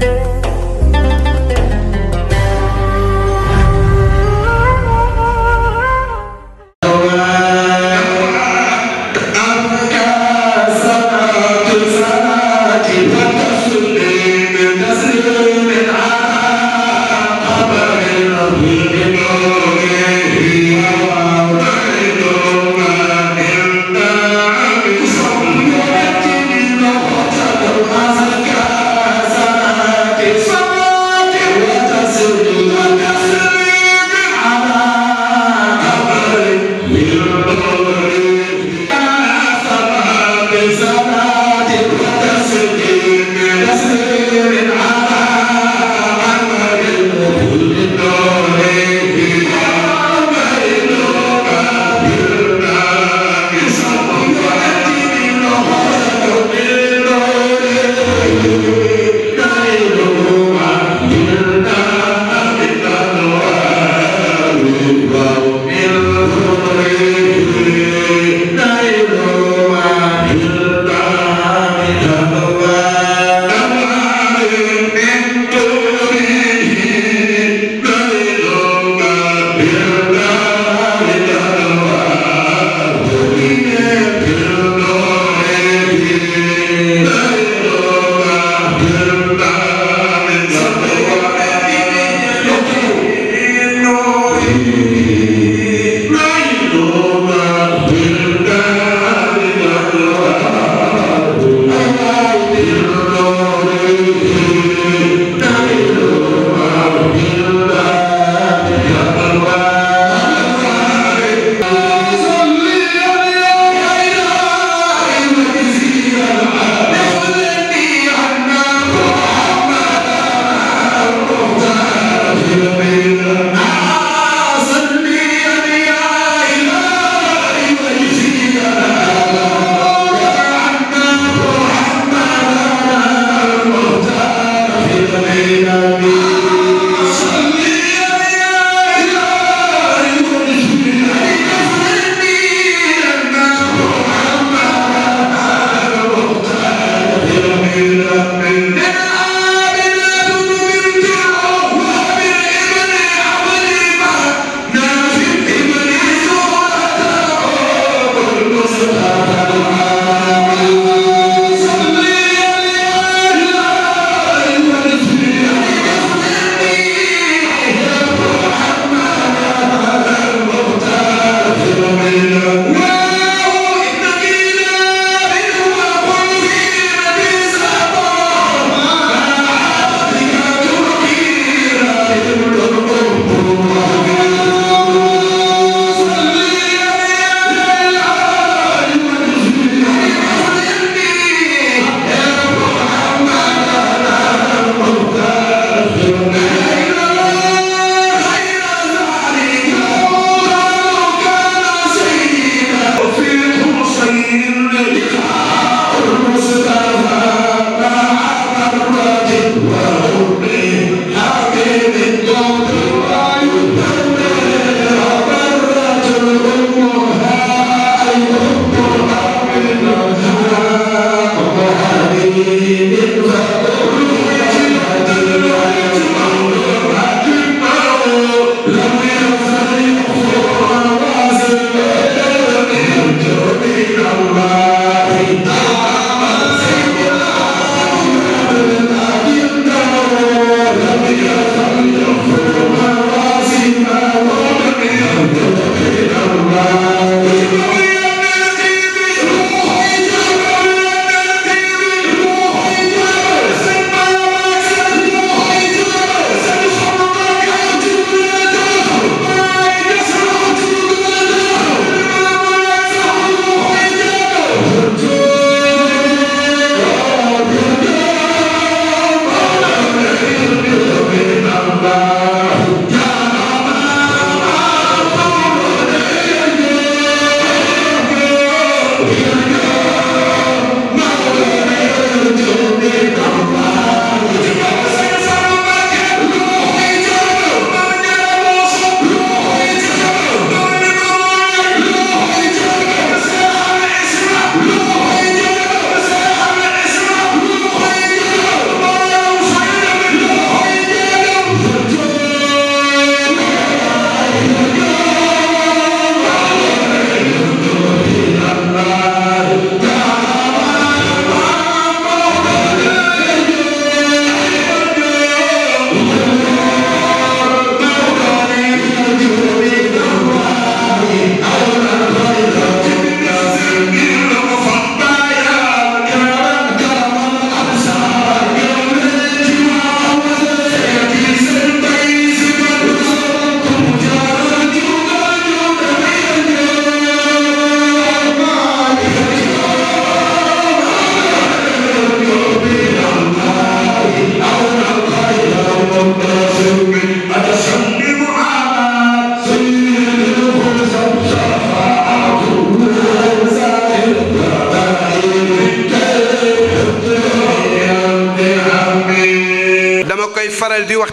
day.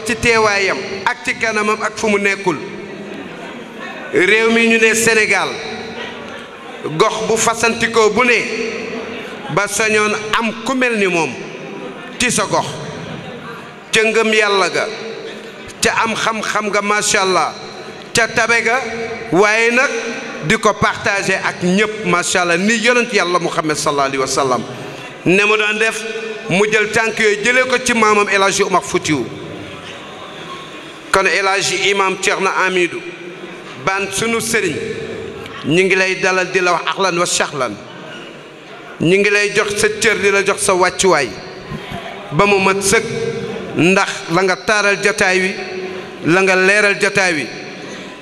ci teewaayam ak ci kanamam ak fu mu nekkul réew mi ñu ne Sénégal gox bu fasantikoo bu ne ba sañoon am ku mel ni moom ci sa gox ca ngëm yàlla ga ca am xam-xam nga macha allah ca tabe ga waaye nag di ko partagé ak ñëpp macha allah ni yonent yàlla muhammad sallallahu alayhi wa sallam ne mu doon def mu jël tànk yooyu jëlee ko ci maamam El Hadji Omar Foutiyou كان إلاجي إمام تيرنا أميدو بان سنو سرين نينغلاي دالال ديلا واخلان وشخلان نينغلاي جوخ سا تير ديلا جوخ سا واتيو واي بامو مات سك نдах لاغا تارال جوتاي وي لاغا ليرال جوتاي وي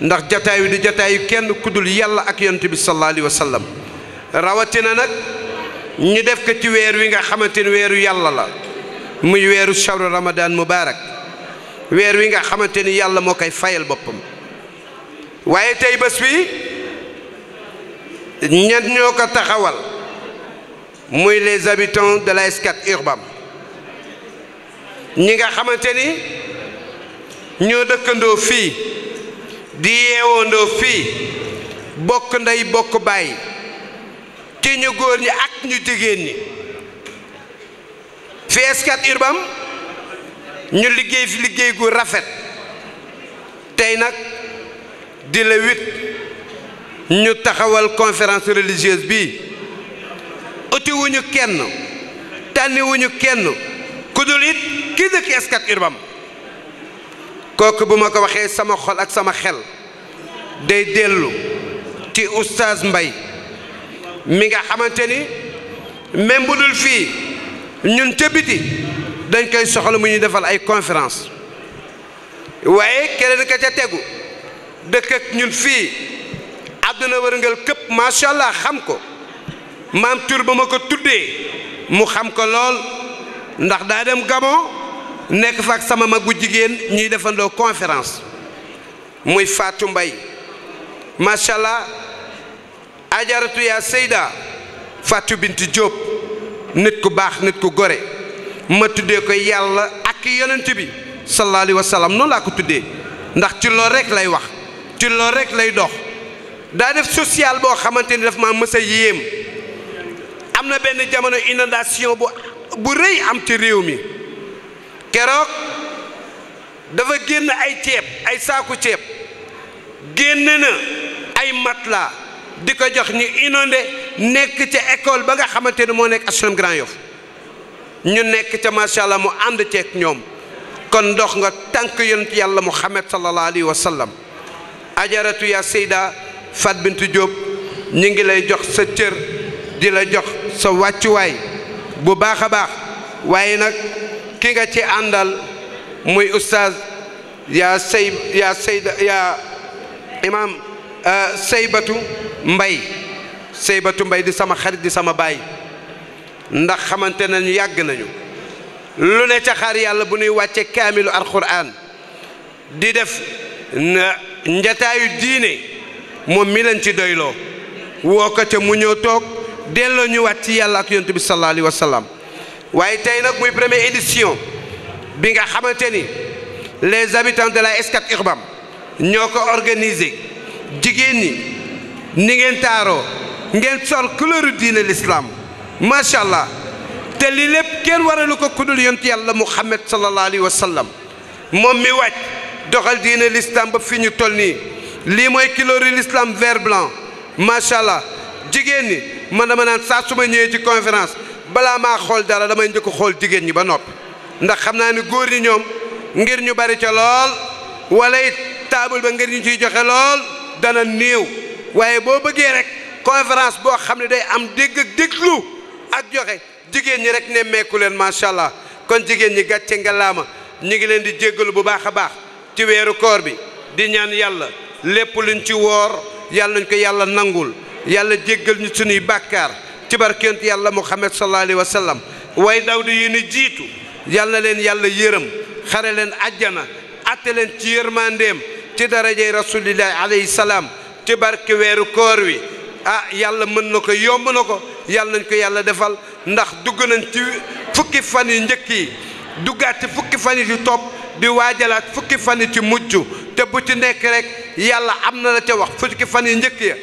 نдах جوتاي وي دي جوتاي كين كودول يالا اك يونتبي صلى الله عليه وسلم راواتينا نك ني ديف كتي وير ويغا خاماتين ويرو يالا لا موي ويرو شهر رمضان مبارك weer wi nga xamante ni yàlla moo koy fayal boppam waaye tey bés wi ñett ñoo ko taxawal muy les habitants de la Scat Urbam ñi nga xamante ni ñoo dëkkandoo fii di yeewandoo fii bokk ndey bokk bàyyi ci ñu góor ñi ak ñu jigéen ñi fi Scat Urbam ñu liggéey fi liggéey gu rafet tey nag di la huit ñu taxawal conférence religieuse bi utiwuñu kenn tànniwuñu kenn ku dul it kii dëkk Scat Urbam kooku bu ma ko waxee sama xol ak sama xel day dellu ci oustaz mbay mi nga xamante ni même bu fii ñun ca dañ koy soxal mu ñuy defal ay conférence waaye keneen ka ca tegu dëkk ak ñun fii àdduna wërngal këpp macha xam ko maam tur ba ma ko tuddee mu xam ko lool ndax daa dem Gabon nekk faak sama mag bu jigéen ñuy defandoo conférence muy Fatou mbay macha allah ajaratu yaa Seyda Fatou Binti Diop nit ku baax nit ku gore. ma tuddee ko yàlla ak yonent bi sallallahu alayhi wa sallam noonu laa ko tuddee ndax ci loolu rek lay wax ci loolu rek lay dox daa def social boo xamante ni daf maa mës a yéem am na benn jamono inondation bu bu rëy am ci réew mi keroog dafa génn ay ceeb ay saaku ceeb génn na ay matelas di ko jox ñu inondé nekk ca école ba nga xamante ni moo nekk HLM Grand Yoff ñu nekk ca macha allah mu ànd ceeg ñoom kon dox nga tànk yonent yàlla muhammad sallallahu alayhi wa sallam ajaratu yaa sayda fat bintu Diop ñu ngi lay jox sa cër di la jox sa wàccuwaay bu baax a baax waaye nag ki nga ci àndal muy oustaz yaa sey yaa seyda yaa imaam eh, saybatu mbay saybatu mbay di sama xarit di sama baay ndax xamante nañu yàgg nañu lu ne ca xaar yàlla bu nuy wàcce kaamilu alxuraan di def njataayu diine moom mi lañ ci doyloo woo ko ca mu ñëw toog delloo ñu wàcc ci yàlla ak yontu bi sallallahu alayhi waaye tey nag muy première édition bi nga xamante ni les habitants de la Scat Urbam ñoo ko organisé jigéen ñi ni ngeen taaroo ngeen sol couleur diine lislaam ما شاء الله تلي لب كين وراء لك كدول ينتي الله محمد صلى الله عليه وسلم مومي وات دخل دين الإسلام بفيني تولني لي موي كيلوري الإسلام فير بلان ما شاء الله جيجيني مانا مانا ساسو من يجي كونفرانس بلا ما خول دارا لما يجي خول جيجيني بانوب ndax xamna ni goor ni ñom ngir ñu bari ci lool نيو table ba ngir ñu ci joxe lool dana neew waye bo bëgge rek conférence bo ak joxe jigéen ñi rek nemmeeku leen macha allah kon jigéen ñi gàcce laama ñu ngi leen di jéggalu bu baax a baax ci weeru koor bi di ñaan yàlla lépp luñ ci woor yàlla nañ ko yàlla nangul yàlla jéggal ñu suñuy bàkkaar ci barkent yàlla muhammad sallallahu alayhi wa sallam way daw di yi ni jiitu yàlla leen yàlla yërëm xare leen ajjana atte ci yërmandeem ci darajey rasulillahi alayhi salaam ci barke weeru koor wi ah yàlla mën na ko yomb na ko yalla nañ ko yalla defal ndax dugg nañ ci fukki fan yu njëkk duggaat ci fukki fan yu top di waajalaat fukki fan yu ci mujj te bu ci nekk rek yalla amna la ci wax fukki fan yu njëkk ya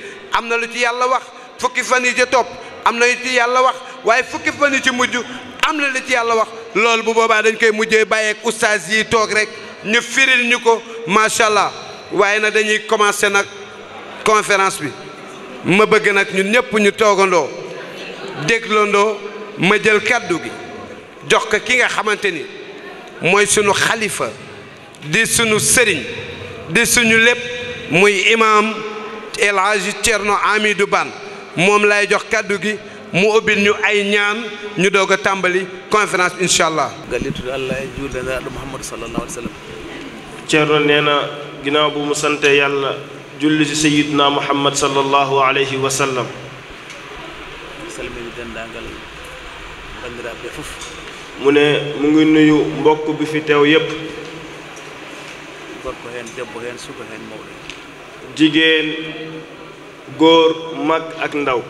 lu ci yalla wax fukki fan yu ca topp am lu ci yalla wax waye fukki fan yu ci mujj amna na lu ci yalla wax lool bu boba dañ koy mujjé baye ak ustaas yi tok rek ñu firil ñuko ko macha allah waaye nag dañuy commencer nak conférence bi ma bëgg nak ñun ñëpp ñu toogandoo. deglondo ma jël kaddu gi jox ko ki nga xamanteni moy sunu khalifa di sunu serigne di suñu lépp moy imam El Hadji Thierno Amidou ban mom lay jox kaddu gi mu ubbil ñu ay ñaan ñu doga tàmbali conférence incha allah. gàllitu allah juulana Muhammad sallallahu alaihi wasallam sallam. neena nee bu mu sante yàlla julli ci sayyidna Muhammad sallallahu alaihi wasallam mu ne mu ngi nuyu mbokk bi fi teew yépp jigéen góor mag ak ndaw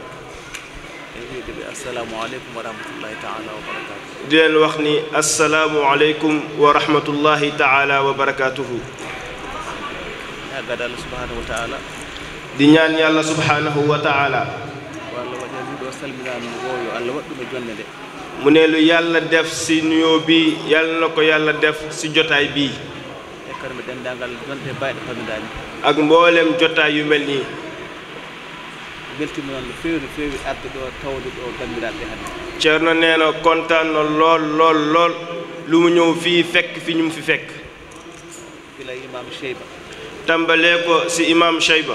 di leen wax ni assalaamu aleykum wa rahmatullahi taala wa barakaatuhu di ñaan yàlla subhaanahu wa taala mu ne lu yàlla def si nuyoo bi yàlla na ko yàlla def ci jotaay bii ak mboolem jotaay yu mel nii beltinoon no feewi na feewi arde kontaan no lool lool lool lu mu ñëw fii fekk fi ñu mu fi fekk gila imam ko si imam cheyba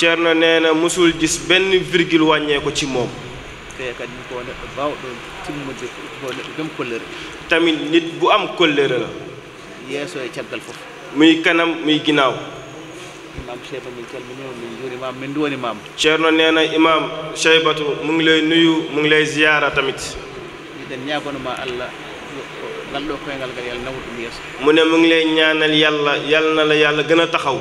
na nee na musul gis benn virgule wàññeeku ci moom. tamit nit bu am kóllëre la. yeeso e caggal fof. muy kanam muy ginnaaw. imam Cheyba min calminima min juurimaam min nee na imam Cheybatu mu ngi lay nuyu mu ngi lay ziyaara tamit. eɗen ñagonoma allah ngal ɗo koyngal ngal yàlla nawa ɗum mu ne mu ngi lay ñaanal yàlla yàlla na la yàlla gën a taxaw.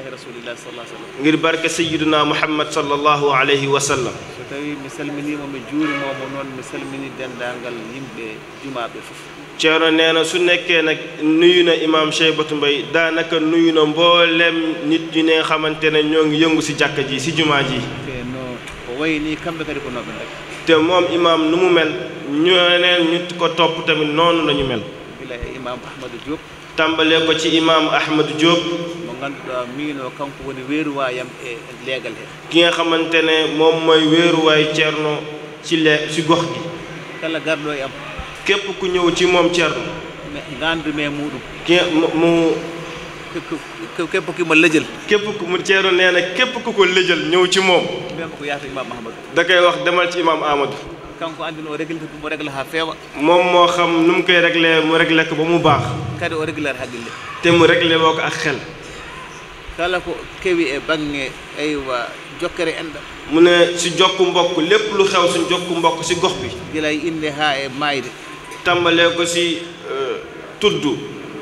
jaahi rasulillahi sallallahu alayhi wa sallam ngir barke sayyiduna muhammad sallallahu alayhi wa sallam so tawi mi salminima mi juurimomo noon mi salmini dendangal yimɓe jumaɓe fof ceerno nee na su nekkee nag nuyu na imaam Cheybatu Mbay daanaka nuyu na mboolem nit ñi ne xamante ne ñoo ngi yëngu si jàkka ji si jumaa ji ko way ni kamɓe kadi ko noɓe rek te moom imaam nu mu mel ñooneen ñu ko topp tamit noonu la ñu mel ila imam ahmadou diop tàmbalee ko ci imaam ahmadou diop ganduɗa mino kanko woni weeruwayam e leegal ki nga xamante ne moom mooy weeruwaay ceerno ci lee ci gox gi kala garɗo e am képp ku ñëw ci moom ceerno gandume muɗum ki mu képp ku ma lëjal képp ku mu ceerno nee na képp ku ko lëjal ñëw ci moom mbema ko yaata imam ahmadou da koy wax demal ci imam ahmadou kanko andi no o réglé ko o moom moo xam nu mu koy réglé mu réglé ko ba mu baax kadi o réglé haqqille te mu réglé woo ko ak xel kala ko kewi e bange aywa jokkere enɗam mu ne si jokku mbokk lépp lu xew suñ jokku mbokk si gox bi di lay inde haa e maayde tàmbalee ko si tudd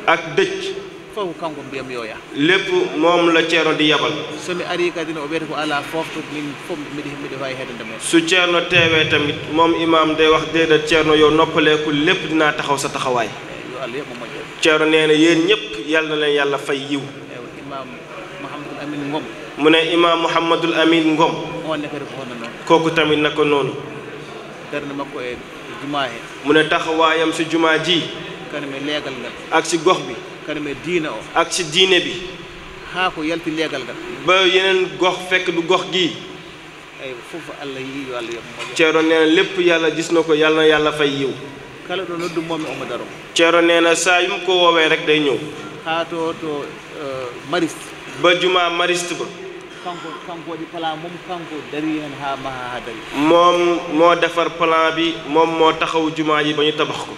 ak dëj fof kanko mbiyam yoya lépp moom la ceerno di yabal somi ari kadi ne o wiyata ko ala fofto min fof mbiɗi mbiɗi wawi heedande moon su ceerno teewee tamit moom imam day wax déedéet ceerno yow noppaleeku lépp dinaa taxaw sa taxawaay yo allah yëpp mo moƴƴo ceerno nee na yéen ñëpp yàlla na leen yàlla fay yiw imam amin mu ne imam muhammadul amin ngom on kadi ko hono non kooku tamit nako noonu darna dinao. e eh, juma mu ne taxawaayam si juma ji kanum e leegal ak si gox bi diina o ak diine bi ko yalti leegal ngal ba yeneen gox fekk du gox gii ay fofu allah yi yo allah yo ceero neena lépp yàlla gis ko yàlla fay yiw kala noddu momi daro neena yum ko rek day to to eh, ba juma mariste ba kanko di plan mom kanko dari hen ha maha ha mom mo defar plan bi mom mo taxaw juma yi bañu tabax ko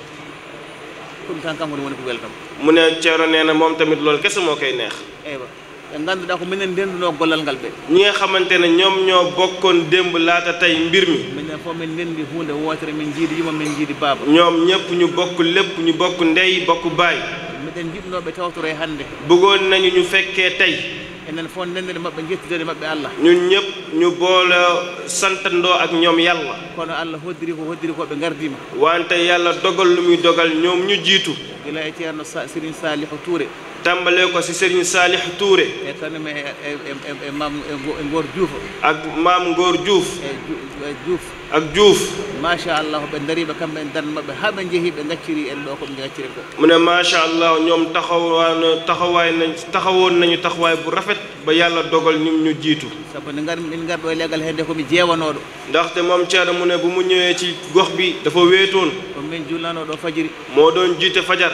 kon kan kanko woni ko welcome mu ne cioro neena mom tamit lol kess mo koy neex eywa eh, ngannduɗa kan ko minen ndenduno gollal ngal ɓe ñi nga xamante ne ñoom ñoo bokkoon démb laata tey mbir mi minen fof min ndenndi hunde wootere min jiidi yuma min jiidi baaba ñoom ñëpp ñu bokk lépp ñu bokk ndey bokk baay miɗen jiɗnoɓe tawtore hannde bugon nañu ñu fekkee tey enen fof ndenndede maɓɓe jettidede maɓɓe allah ñun ñu ak kono allah hoddiri ko hoddiri ko ɓe wante yàlla dogal lu muy dogal ñoom ñu jiitu gila e ceerno sirine touré tambale ko si Serigne Salih Touré. e kañum e e maam Ngor djouf ak mam Ngor Diouf e Diouf ak Diouf machallah ɓe dariɓe kamɓe en darde maɓɓe haa ɓe njehi ɓe gacciri en ɗo koɓe gacciri ko mu ne machallah ñoom taxawaan taxawaay nañ taxawoon nañu taxawaay bu rafet ba yàlla dogal ñum ñu jiitu sabu ne ngar ngar ɗo e leegal hende komi jeewanooɗo ndaxte moom Thierno mu ne bu mu ñëwee ci gox bi dafa wéetoon ko min jullanoo ɗo fajiri moo doon jiite fajar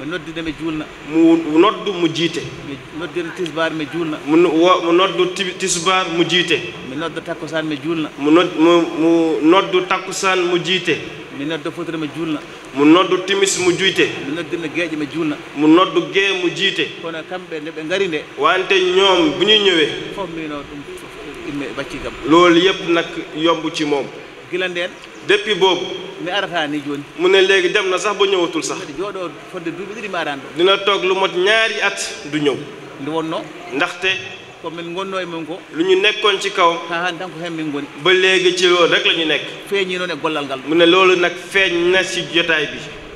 mo noddude mi juulna mu noddu mo jiite mi noddiri tisbar mi juulna mu mo noddu tisbar mo jiite mi noddu takkusan mi juulna mu nod mu noddu takkusan mo jiite mi noddu fotere mi juulna mu noddu timis mu juyte mi noddirno geeƴe mi juulna mu noddu gee mu jiite kono kamɓe nde ɓe ngari nde wante ñoom bu ñuy ñëwee fof mino ɗum imme bacci kam loolu yëpp nag yomb ci moom gila ndeen depuis bob mi arataani ni mu mune legui dem na sax bo ñewatul sax jooɗoo fodde duuɓi ɗiɗi mbaɗan dina tok lu mot ñaari at du ñew nde wonno ndaxte ko min gonno e mum ko lu ñu nekkoon ci kaw ha han tan ko hen min ba legui ci loolu rek lañu nekk feeñi noon e golal gal mune ne nak feñ na ci jotaay bi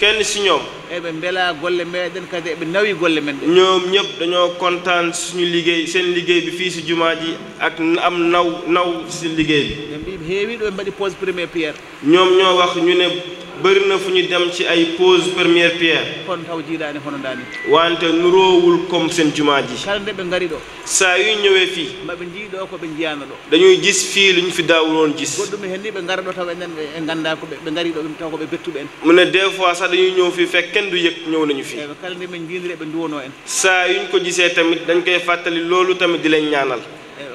kenn si ñoom eh mbela beela golle meɗen kadi eɓe nawi golle men ñoom ñëpp dañoo kontaan suñu liggéey seen liggéey bi fii si jumaa ji ak am naw naw si liggéey bi ɓe mbi heewi ɗo ɓe mbaɗi première pierre ñoom ñoo wax ñu ne bëri na fu ñu dem ci ay pause première pierre kon taw daani hono daani wante nuroowul comme seen juma ji kalande ɓe ngari do saa yu ñëwee fii be njii do ko ɓe njiyaano do dañuy gis fii luñ ñu fi daawuloon gis goddu hen ni ɓe ngara do taw enen be e nganndaa ko ɓe ngari do ɗum taw ko ɓe bettuɓe en mu ne des fois sax dañuy ñëw fii fek kenn du yëg ñëw nañu fii eɓe me ndi ɓe be e ɓe en saa yu ko gisee tamit dañ koy fatali loolu tamit di leen ñaanal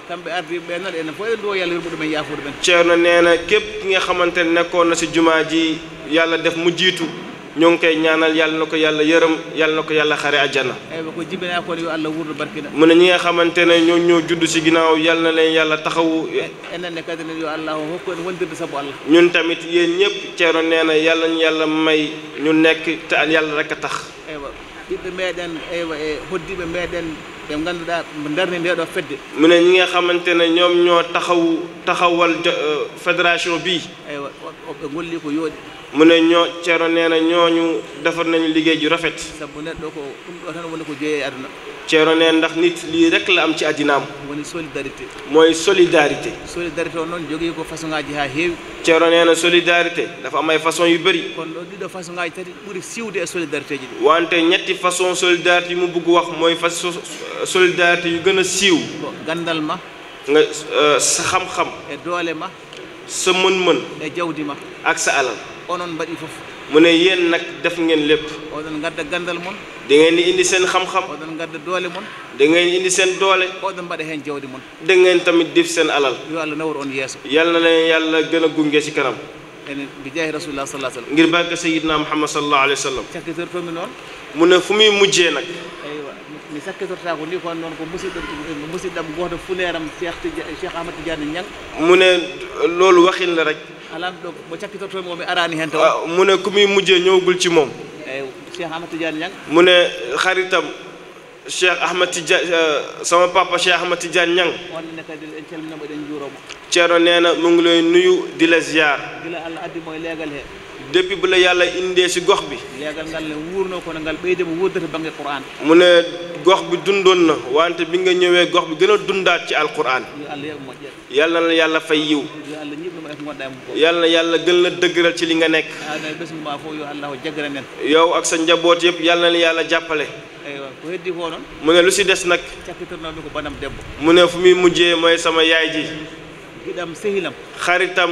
kamɓe ardi benal en fo fof e eɗen duwo yallah yurmo ɗumen yaafude men ceerno neena képp ki nga xamante ne na si jumaaji ji yàlla def mu jitu ñong kay ñaanal yàlla na ko yàlla yërëm yàlla na ko yàlla xare àjjana mu ne ñi nga xamantene ñoo ñoo judd ci ginaaw yàlla na leen yàlla taxawu ñun tamit yéen ñëpp ciéro neena yàlla ñu yàlla may ñu nekk te yàlla rek a tax ɓiɓɓe meɗen e hoddiɓe meɗen fedde ñi nga ñoo taxaw taxawal fédération bi eywa ɓe golli ko yooɗi mu ne ñoo Ceerno nee na ñu defar nañu liggéey ju rafet sabu neɗɗo ko ɗum ɗo tan woni ko jeeye aduna Ceerno nee ndax nit lii rek la am ci àddinaam woni solidarité mooy solidarité solidarité o noon jogii ko façon ŋaaji haa heewi Ceerno nee na solidarité dafa am ay façon yu bëri kon ɗo ɗiɗo façon ŋaaji tati ɓuri siwde e solidarité ji ɗi wante ñetti façon solidarité yu mu bugg wax mooy façon solidarité yu gën a siiw gandal ma nga euh, sa xam-xam e doole ma sa mën-mën jaw jawdi ma ak sa alal onon mbaɗi fof mu ne yéen nag def ngeen lépp oɗon gadda gandal mon da ngeen di indi seen xam-xam oɗon doole mon da ngeen indi seen doole oɗon mbaɗa heen jawdi mon da ngeen tamit def seen alal yo allah nawor on yeeso yal na leen yàlla gën a gunge ci kanam enen bi jaahi rasulillah sallallahu alayhi wa sallam ngir bàgg sayidna muhammad sallallahu alayhi wa sallam cakkitor fami noon mu ne fu muy mujjee nag mi sakkitotaako ni kon noon ko musidɗo musidɗam goto fuleeram cheikh cheikh ahmad tidiane ñang mu ne loolu waxin la rek alam ɗo mo cakkitotomi omi arani hen taw mu ne ku muy mujjee ñëwgul ci moom eyi eh, cheikh ahmad tidiane ñang mu ne xaritam cheikh ahmad tidiane eh, sama papa cheikh ahmad tidiane ñang onne kadi nee na mu ngi lay nuyu di la ziar gila allah addi moye leegal depuis bu la yàlla indee si gox bi leegal ngal le wuur ko na ngal ɓeyde mo wuddata bange qur'an mu ne gox bi dundoon na wante bi nga ñëwee gox bi gën a dundaat ci alquran Yalla na yàlla fay yiw yàlla na yàlla gën la dëgëral ci li nga nekk ah, yow ak sa njaboot yëpp yàlla na yàlla jàppale mu lu mu fu sama yaay ji giɗam sehilam xaritam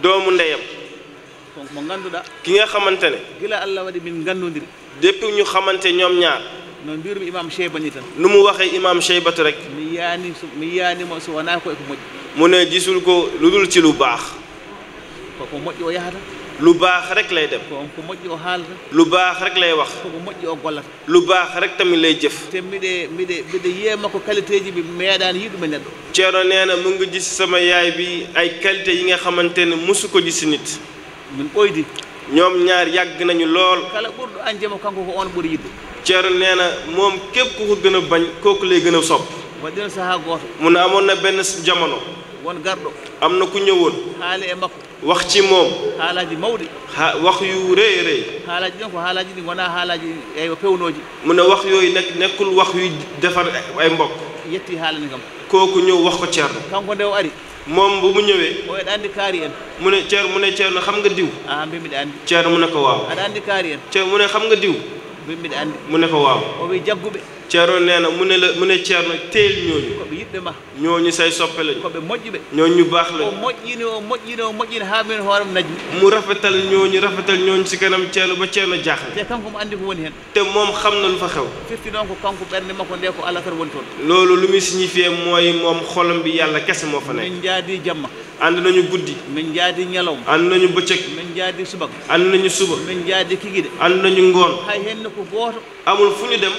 doomu ndeyam mo ganduɗa ki nga xamante ne gila allah waɗi min di depuis ñu xamante ñoom ñaar no mbirumi imam ba ni tan nu mu waxee imam cheybatu rek mi su mi moo so wonaa koye ko moƴƴi mu ne gisul ko lu dul ci lu baax koko moƴƴi o yahata lu baax rek lay dem ko ko moƴƴi o lu baax rek lay wax koko moƴƴi o gollata lu baax rek tamit lay jëf te miɗe miɗe miɗe yiya makko qualité ji mi meeɗaani yiɗume neɗɗo ceerno nee na mu ngi gis sama yaay bi ay qualité yi nga xamante ne mosu ko gis nit min di ñoom ñaar yàgg nañu lool kala ɓurɗo anjema kanko ko on ɓuri yidde ceerno nee na moom képp ku ko gën a bañ kooku lay gën a sopp waɗino amoon na benn jamono won garɗo am na ku ñëwoon haali e makko wax ci moom haalaji mawɗi ha wax yu rëy rëy haalaji ɗon ko haalaji ɗi wonaa haalaji ay pewnoji mu ne wax yooyu nek nekkul wax yu defar ay mbokk yetti haalani kam kooku ñëw wax ko ceerno kanko nde o ari moom bu mu ñëwee o eɗa anndi kaari en mu ne ceer mu ne ceerno xam nga diw a mbi mbiɗa anndi ceerno mu ne ko waaw aɗa anndi kaari en ceer mu ne xam nga diw mbi mi mbiɗa anndi mu ne ko waaw o wi jagguɓe ceerno nee na mu ne la mu ne ceerno teel ñooñu koɓe yiɗɓe ma ñooñu say soppe lañu ñooñu ñu baax lañu o moƴƴini o moƴƴini o moƴƴini haa min hooram najmi mu rafetal ñooñu si kanam ceerno ba ceerno jaaxle te kanko mo anndi ko woni heen te moom xam na lu fa xew firti noon ko kanko ɓernde makko nde ko allah tan woni toon loolu lu muy signifié mooy moom xolam bi yàlla kese moo fa nekk min jaadi jamma ànd nañu guddi min jaadi ñalawma ànd nañu bëccëg min jaadi subak ànd nañu suba min jaadi kigiɗe ànd nañu ngoon hay heen ko gooto amul ñu dem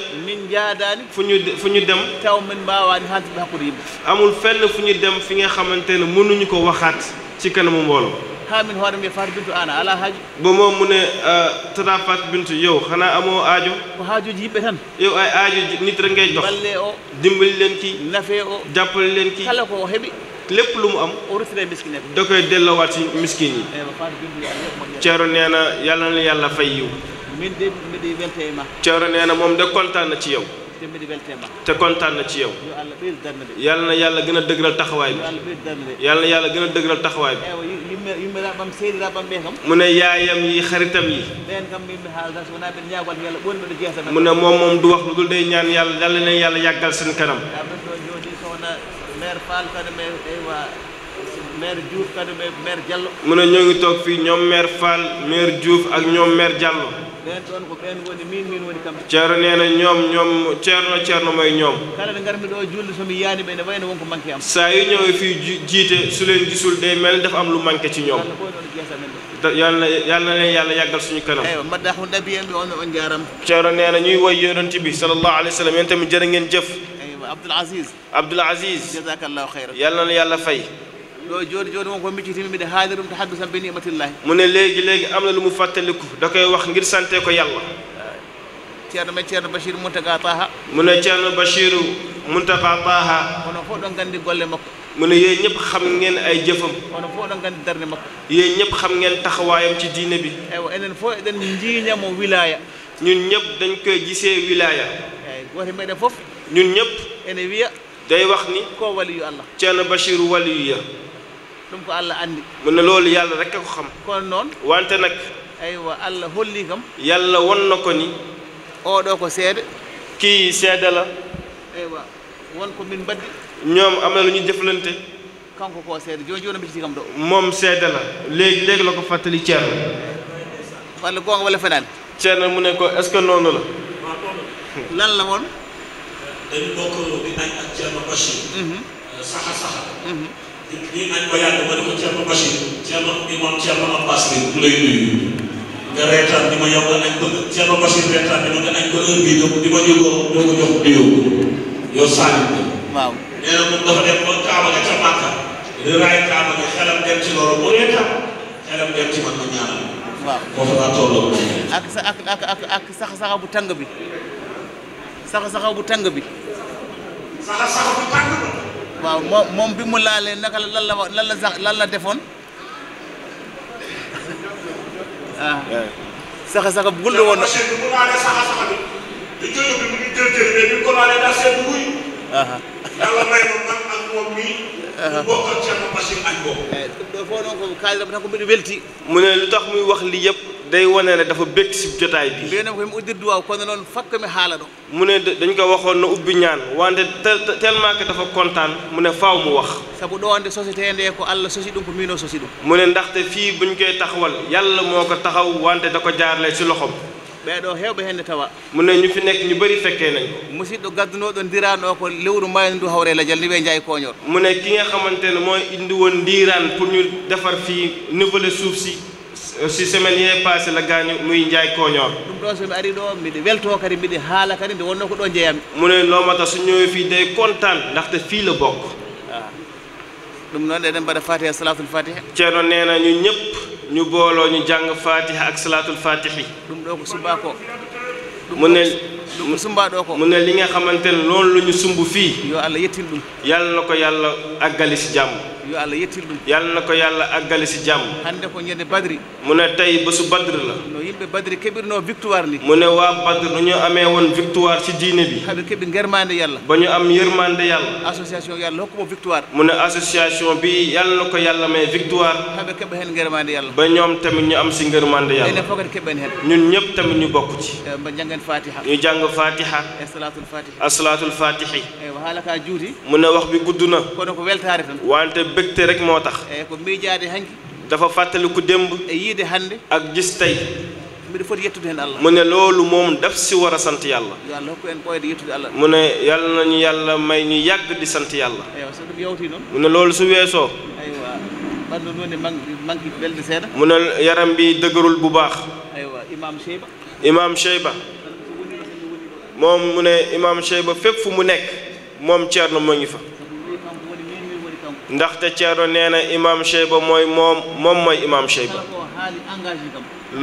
ذلك fu ñu fu ñu dem taw min mbaawaan haat bi haqurib amul fenn fu ñu dem fi nga xamante ne mënuñu ko waxaat ci kanamu mbooloo haa min hoore mbiye fatu bintu ana ala haajo ba moom mu ne tata fatu bintu yow xanaa amoo aajo ko haajoji yimɓe tan yow ay aajo nit rek ngay dox balle o dimbali leen kii nafe o jàppale leen kii kala ko heɓi lépp lu mu am da koy delloowaat ci miskin yi ceero nee na yàlla na yàlla fay yiw ceero nee na moom de kontaan na ci yow te kontaan na ci yow yal na yàlla gën a dëgëral taxawaay bi yal na yàlla gën a dëgëral taxawaay bi mu ne yaayam yi xaritam yi mu ne moom moom du wax lu dul day ñaan yàlla yal na leen yàlla yàggal seen kanam maire Diouf Kadumbe maire Diallo mu ne ñoo ngi toog fii ñoom maire Fall maire Diouf ak ñoom maire Diallo ɓen ɗon ko ɓen woni min min woni neena ñoom ñoom ceerno ceerno moye na mooy ɓe garmi ɗo julde somi yaani ɓe ne wayno wonko manque am sa yi ñëw fii jiite su leen gisul day mel dafa am lu manque ci ñoom yàlla yàlla na leen yàlla yàggal suñu kanam eywa mbadda ko nabi en ɓe on on neena ñuy woy yonent bi sallallahu alayhi wa sallam yéen tamit jërë ngeen jëf eywa Abdoul Aziz Abdoul Aziz jazakallahu xeyra yàlla na yàlla fay ɗo joni joni wonko miccitimi mbiɗa haali ɗum tahaddusan be nicmatillahi mu ne léegi léegi am na lu mu fàttaliku da koy wax ngir sante ko yàlla ceerno men ceerno bachir muntaga taha mu ne ceerno bachiru muntaga taha kono fof ɗon gandi golle makko mu ne yéen ñëpp xam ngeen ay jëfam kono fof ɗon gandi darde makko yéen ñëpp xam ngeen taxawaayam ci diine bi eywa enen fof eɗen jiiñamo wilaya ñun ñëpp dañ koy gisee wilaya eyi goto meɗen fof ñun ñëpp ene wiya day wax ni ko waliyu allah ceerno bachiru waliyu ya ɗum ko allah anndi mu ne loolu yàlla rek a ko xam kono noon wante nag aywa allah holli kam yàlla wonno ko ni oɗo ko seede kii seede la eywa wonko min mbaddi ñoom am na lu ñu jëflante kanko ko seede joni joni mbiɗiti kam ɗo moom seede la léegi léegi la ko fàttali ceerno walla goonga walla fenaani ceerno mu ne ko est ce que noonu la lan la woon nii nañ ko yàgg ba dama Thierno Bachir imam Thierno gitu. bi lay nuyu nga reetaan di ma yow nga nañ ko Thierno reetaan di ma nga nañ ko heure bii dama di ma jógoo doo ko jox nuyoo yow saalim ko waaw nee na moom dafa dem ba kaaba ga ca màkka di raay kaaba gi xelam dem ci loolu mu reetaan xelam dem ci man ma ñaanal waaw foofu laa tolloo ak sa ak ak ak ak saxa bu tàng bi saxa bu tàng bi saxa saxa bu tàng bi waaw moom bi mu laalee naka la lan la wax lan sax lan la defoon ah. saxa saxa bu gul la woon. machine bi bu laalee saxa saxa bi. bi mu ngi jël jël mais bi mu ko laalee daa seetlu wuy. yàlla ak moom mii. ñu bokk ak seen machine añ boobu. Eh, foo noo ko welti. mu ne lu tax muy wax lii yëpp. day wane ne dafa bég si jotaay bi mbiyenem komi uddirdu waaw kono noon fakkami haala ɗo mu ne dañ ko waxoon na ubbi ñaan wante tellement dafa kontaan mu ne faaw mu wax sabu ɗo nde société nde ko allah sosi ɗum ko miino sosi ɗum mu ne ndaxte fii buñ koy taxawal yàlla moo ko taxaw wante da ko jaarle si loxom ɓeeɗo heewɓe heen nde tawa mu ne ñu fi nekk ñu bëri fekkee nañ ko musidɗo gaddunooɗo ndiran o ko lewru mayno ndu hawre lajal ni ɓe njayi koñor mu ne ki nga xamante ne mooy indi woon pour ñu defar fii niveler suuf si si semaine yee passé la gaani muy njaay koñoor ɗum ɗon somi ari ɗo mbiɗe weltoo kadi mbiɗe haala kadi nde wonno ko ɗo jeeyami mu ne loomata so ñëwee fii day contant ndaxte fii le bokk ɗum noon eɗen mbaɗa fatiha salatul fatiha ceerno neena ñu ñëpp ñu booloo ñu jàng fatiha ak salatul fatihi ɗum ɗo ko subaa ko mu ne ɗum ko sumbaɗo ko mu ne li nga xamante ne loolu la ñu sumb fii yo allah yettil ɗum yàlla na ko yàlla àggali si jàmm yo allah yettil ɗum yàlla na ko yàlla ak àggali si jàmm hande ko ñande badri mu ne tey bésu badri la yimɓe badri keɓirno victoire li mu ne waa badri nu ñu amee woon victoire ci diine bi haɓe keɓi ngermande yàlla ba ñu am yërmande yàlla association yàlla hokkumo victoire mu ne association bi yàlla na ko yàlla may victoire haɓe keɓa heen ngermande yàlla ba ñoom tamit ñu am si ngermande yàlla enen fof kadi keɓen heen ñun ñëpp tamit ñu bokk ci eh, ba jàngen fatiha ñu jàng fatiha e fatiha asalatul fatihi eywa eh, haala juuti mu ne wax bi gudd na kono ko weltaare tan wante dafa fatali ku démb e yiide hande ak gis tay mi dafa yettude hen allah mune lolou mom daf ci wara sante yalla yàlla ko en ɓooyde yettude allah mune yàlla nañu yàlla may ñu yàgg di sant yàlla eywa so ɗum yawti noon mu ne su weesoo aywa ɓanndu noon e manque manque welde seeɗa mu ne yaram bi dëgërul bu baax aywa imam cheyba imam cheyba mom mune imam cheyba fépp fu mu nek mom ceerno mo ngi fa ndaxte Thierno nee neena imam Cheyba moy mom mom moy imam Cheyba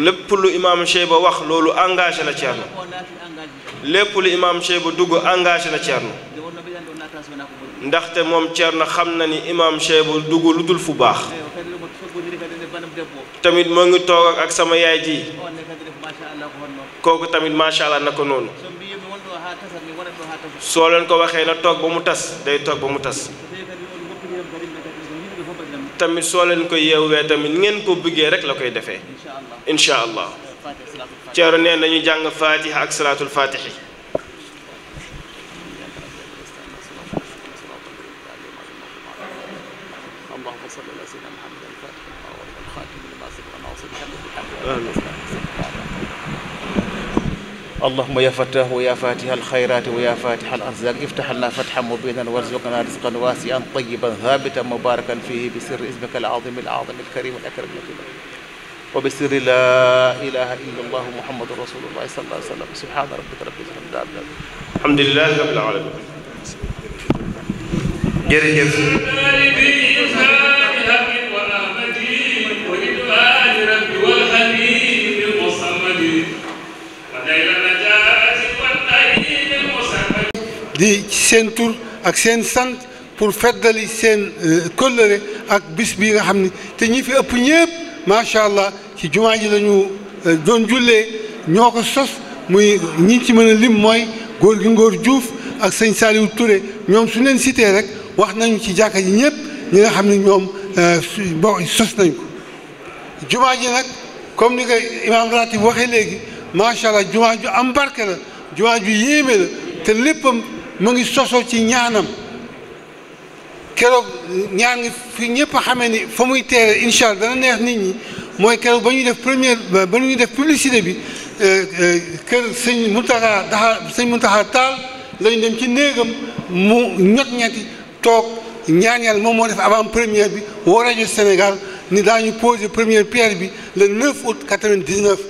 lépp lu imam Cheyba wax lolu engagé na Thierno lépp lu imam Cheyba duggu engagé na Thierno ndaxte moom Thierno xam xamna ni imam Cheyba duggu ludul fu bax tamit mo ngi tok ak sama yaay ji koku tamit macha allah na ko noonu ko waxe na tok bamu tass day tok bamu tass tamit soo leen ko yeewwee tamit ngeen ko bëggee rek la koy defee incha allah ceero nee nañu jàng fatiha ak salaatul fatihi اللهم يا فتاه ويا فاتح الخيرات ويا فاتح الأرزاق افتح لنا فتحا مبينا وارزقنا رزقا واسعا طيبا ثابتا مباركا فيه بسر اسمك العظيم العظيم الكريم الأكرم الكريم وبسر لا إله إلا الله محمد رسول الله صلى الله عليه وسلم سبحان ربك رب العزة عما الحمد لله رب العالمين جرجف di seen tur ak seen sant pour feddali seen euh, kóllëre ak bis bi nga xam ni te ñi fi ëpp ñëpp macha allah ci jumaa ji lañu ñu euh, doon jullee ñoo ko sos muy ñi ci mën a lim mooy góor gi ngóor Diouf ak sëñ Saliou Touré ñoom su leen sitee rek wax nañu ci jàkka ji ñëpp ñi nga xam ni ñoom euh, sos nañ ko jumaa ji nag comme ni ko imaam ratib waxee léegi macha allah jumaa ju am barke la jumaa ju yéeme la te léppam mu ngi soso ci ñaanam keroog ñaan ngi fi ñëpp xamee ni fa muy teere incha allah dana neex nit ñi mooy keroog ba ñuy def première ba ñuy def publicité bi euh, euh, kër sëñ Muntaxa daxaar sëñ Muntaxa Taal lañu dem ci néegam mu ñot ñetti toog ñaan yàlla moom moo def avant première bi woo rajo Sénégal ni ñu posé première pierre bi le 9 août 99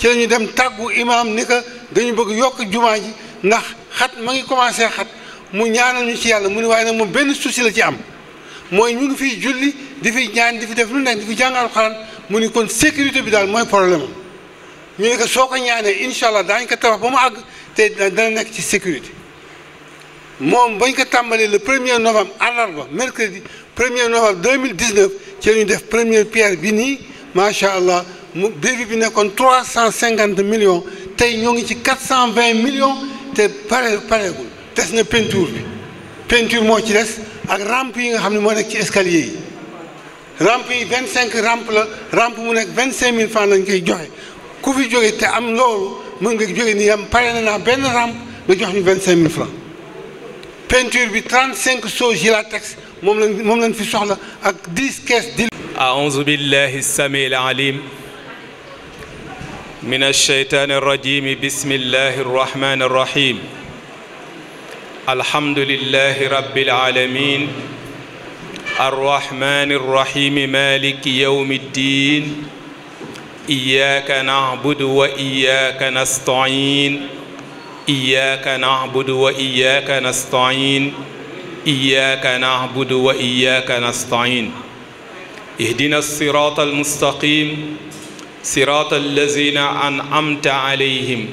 ci la ñu dem tàggu imaam ni que dañu bëgg yokk jumaa ji ndax xat ma ngi commencé xat mu ñaanal ñu ci yàlla mu ne waaye nag moom benn souci la ci am mooy ñu ngi fiy julli di fi ñaan di fi def lu nekk di fi jàng alxuraan mu ni kon sécurité bi daal mooy problème ñu ne que soo ko ñaanee incha allah daañu ko tabax ba mu àgg te dana nekk ci sécurité moom bañ ko tàmbalee le premier novembre àllarba mercredi premier novembre deux mille dix-neuf ci la ñu def première pierre bi nii. Masha'Allah, mu bébé bi nekkoon 350 millions tey ñoo ci 420 millions te pare pareegul des na peinture bi peinture moo ci des ak rampe yi nga ci escalier rampe yi 25 rampe la rampe mu nekk 25 mille francs lañ koy joxe ku fi jóge te am loolu mën nga jóge ni am pare na benn rampe nga jox ñu 25 mille francs peinture bi 35 seaux gilatex moom lañ moom lañ fi soxla ak 10 caisses d'huile أعوذ بالله السميع العليم من الشيطان الرجيم بسم الله الرحمن الرحيم الحمد لله رب العالمين الرحمن الرحيم مالك يوم الدين إياك نعبد وإياك نستعين إياك نعبد وإياك نستعين إياك نعبد وإياك نستعين اهدنا الصراط المستقيم صراط الذين أنعمت عليهم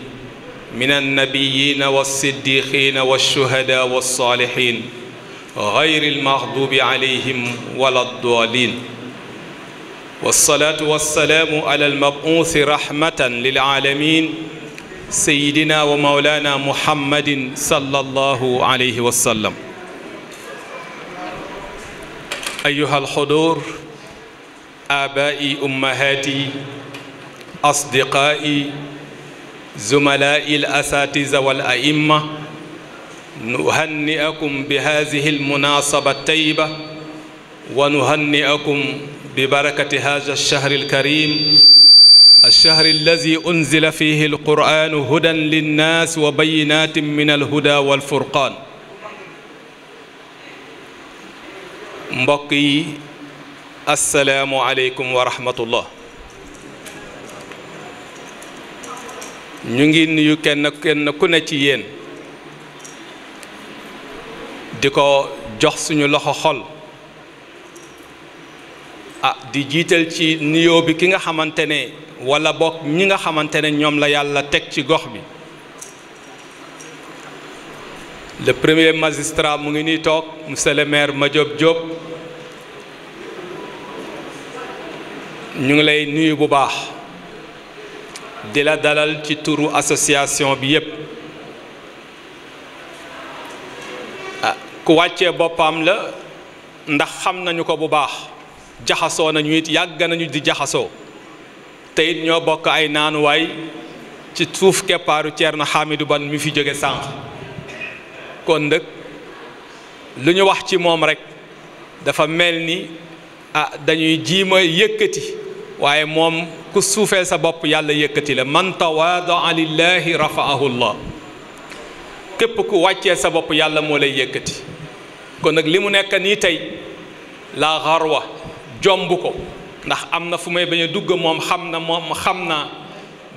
من النبيين والصديقين والشهداء والصالحين غير المغضوب عليهم ولا الضالين والصلاة والسلام على المبعوث رحمة للعالمين سيدنا ومولانا محمد صلى الله عليه وسلم أيها الحضور آبائي أمهاتي أصدقائي زملائي الأساتذة والأئمة نهنئكم بهذه المناسبة الطيبة ونهنئكم ببركة هذا الشهر الكريم الشهر الذي أنزل فيه القرآن هدى للناس وبينات من الهدى والفرقان مبقي السلام عليكم ورحمة الله ngi nuyu kenn kenn ku ne ci yéen di ko jox suñu loxo xol ah di jiital ci nuyoo bi ki nga xamante ne la le premier magistrat mu ngi nii toog monsieur le maire Madiop Diop ñu ngi lay nuyu bu baax di la dalal ci turu association bi yépp ah, ku wàccee boppam la ndax xam nañu ko bu baax jaxasoo nañu it yàgg nañu di jaxasoo te ñoo bokk ay naanuwaay ci suuf keppaaru Thierno Hamidou Bane mu fi jóge sànq kon nag lu ñu wax ci moom rek dafa mel ni ah dañuy jiima yëkkati waye mom ku suufee sa bop yàlla yekati la man tawaadaa lillahi rafaahu allah kep ku wacce sa bop yàlla mo lay yekati kon nak limu nek ni tay la gharwa jomb ko ndax amna fumay baña dugg mom xamna mom xamna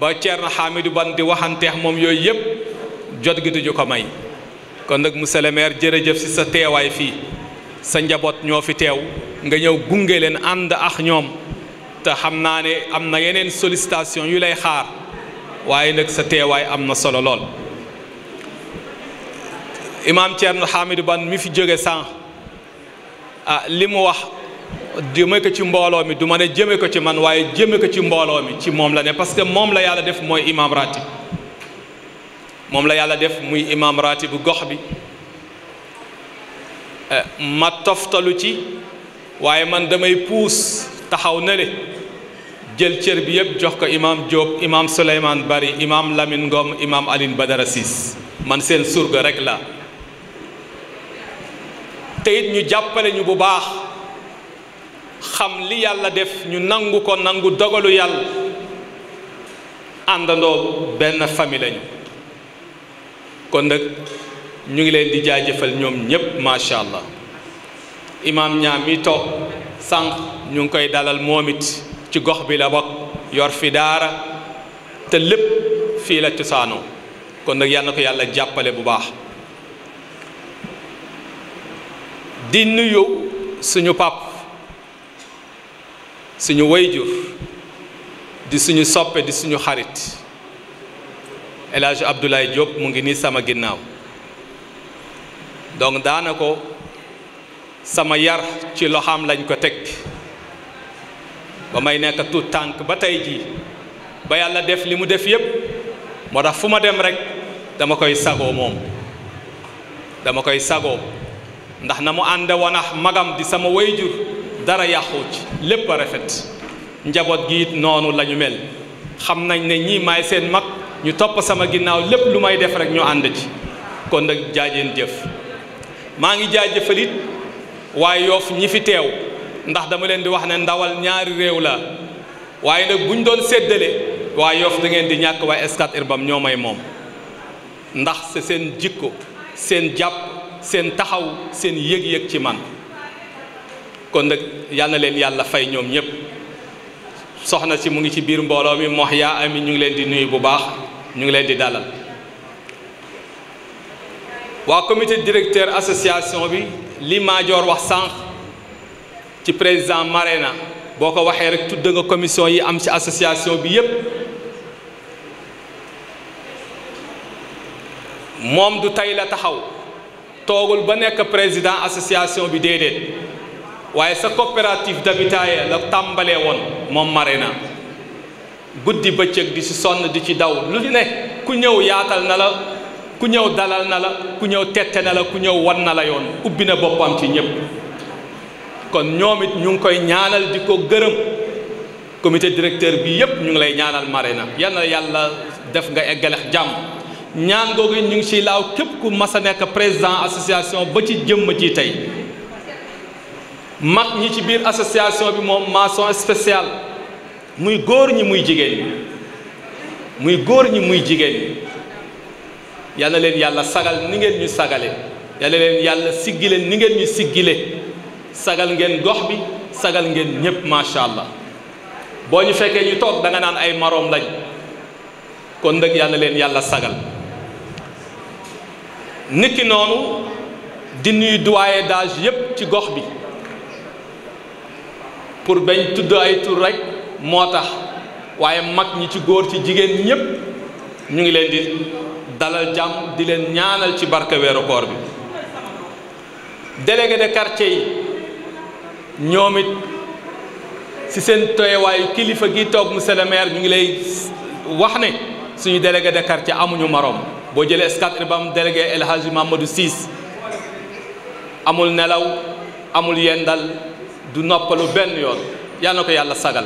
ba cierna Hamidou Ban di waxanteex moom yooyu yëpp jot gi duñu ko may kon nak monsieur le maire jërëjëf si sa teway fi sa njabot ño fi tew nga ñëw gungelen ànd ak ñom te xam naa ne am na yeneen sollicitation yu lay xaar waaye nag sa teewaay am na solo lool imaam Thierno Hamidou Bane mi fi jóge sànq ah li mu wax jëme ko ci mbooloo mi du ma ne jëme ko ci man waaye jëme ko ci mbooloo mi ci moom la ne parce que moom la yàlla def mooy imaam ratib moom la yàlla def muy imaam ratib bu gox bi ma toftalu ci waaye man damay puus taxaw na le jël cër bi yëpp jox ko imaam Diop imaam Souleymane Bari imaam Lamine Ngom imaam Aline Badara Ciss man seen surga rek la te it ñu jàppale ñu bu baax xam li yàlla def ñu nangu ko nangu dogalu yàlla àndandoo benn famille lañu kon nag ñu ngi leen di jaajëfal ñoom ñépp macha allah imaam ñaam mi toog sànq ñu ngi koy dalal moomit ci gox bi la bokk yor fi daara te lépp fii la cosaanoo kon nag yal na ko yàlla jàppale bu baax di nuyu suñu pàpp suñu wayjur di suñu soppe di suñu xarit El Hadj Abdoulaye Diop mu ngi nii sama ginnaaw donc daana sama yar ci loxaam lañu ko teg ba may nekk tuut tànk ba tey jii ba yàlla def li mu def yépp moo tax fu ma dem rek dama koy sagoo moom dama koy sagoo ndax na mu ànd wanax magam di sama wayjur dara yàqu ci lépp a rafet njaboot gi noonu lañu mel xam nañ ne ñii may seen mag ñu topp sama ginnaaw lépp lu may def rek ñu ànd ci kon nag jaajeen jëf maa ngi jaajëfal it waaye yoof ñi fi teew ndax dama leen di wax ne ndawal ñaari réew la waaye nag buñ doon séddale waaye yoof da ngeen di ñàkk waaye Scat Urbam ñoo may moom ndax c'est seen jikko seen jàpp seen taxaw seen yëg-yëg ci man kon nag yal leen yàlla fay ñoom ñëpp soxna si mu ngi ci biir mbooloo mi mu wax yaa am ami ñu ngi leen di nuyu bu baax ñu ngi leen di dalal waa comité directeur association bi li Maajoor wax sànq ci président na boo ko waxee rek tudd nga commission yi am ci association bi yépp moom du tey la taxaw toogul ba nekk président association bi déedéet waaye sa coopérative d'habitat la tàmbalee woon moom na guddi bëccëg di ci sonn di ci daw lu ne ku ñëw yaatal na la ku ñëw dalal na la ku ñëw tette na la ku ñëw wan na la yoon ubbi na boppam ci ñëpp kon ñoom it ñu ngi koy ñaanal di ko gërëm comité directeur bi yëpp ñu ngi lay ñaanal Marina yal na yàlla def nga eggalex jàmm ñaan googu ñu ngi ciy laaw képp ku mas a nekk président association ba ci jëmm ci tey mag ñi ci biir association bi moom mention spéciale muy góor ñi muy jigéen muy góor ñi muy jigéen yal leen yàlla sagal ni ngeen ñu sagale yal leen yàlla siggile ni ngeen ñu siggile sagal ngeen gox bi sagal ngeen ñépp macha allah boo ñu fekkee ñu toog danga naan ay moroom lañ kon nag yal leen yàlla sagal niki noonu di nuyu doyen d'âge yépp ci gox bi pour bañ tudd ay tur rekk moo tax waaye mag ñi ci góor ci jigéen ñépp ñu ngi leen di dalal jàmm di leen ñaanal ci barke weeru koor bi délégué de quartier yi ñoom it si seen toyewaayu kilifa gi toog mu le maire ñu ngi lay wax ne suñu délégué de quartier amuñu moroom boo jëlee Scat Urbam délégué El Hadji Mamadou Ciss amul nelaw amul yendal du noppalu benn yoon yal na ko yàlla sagal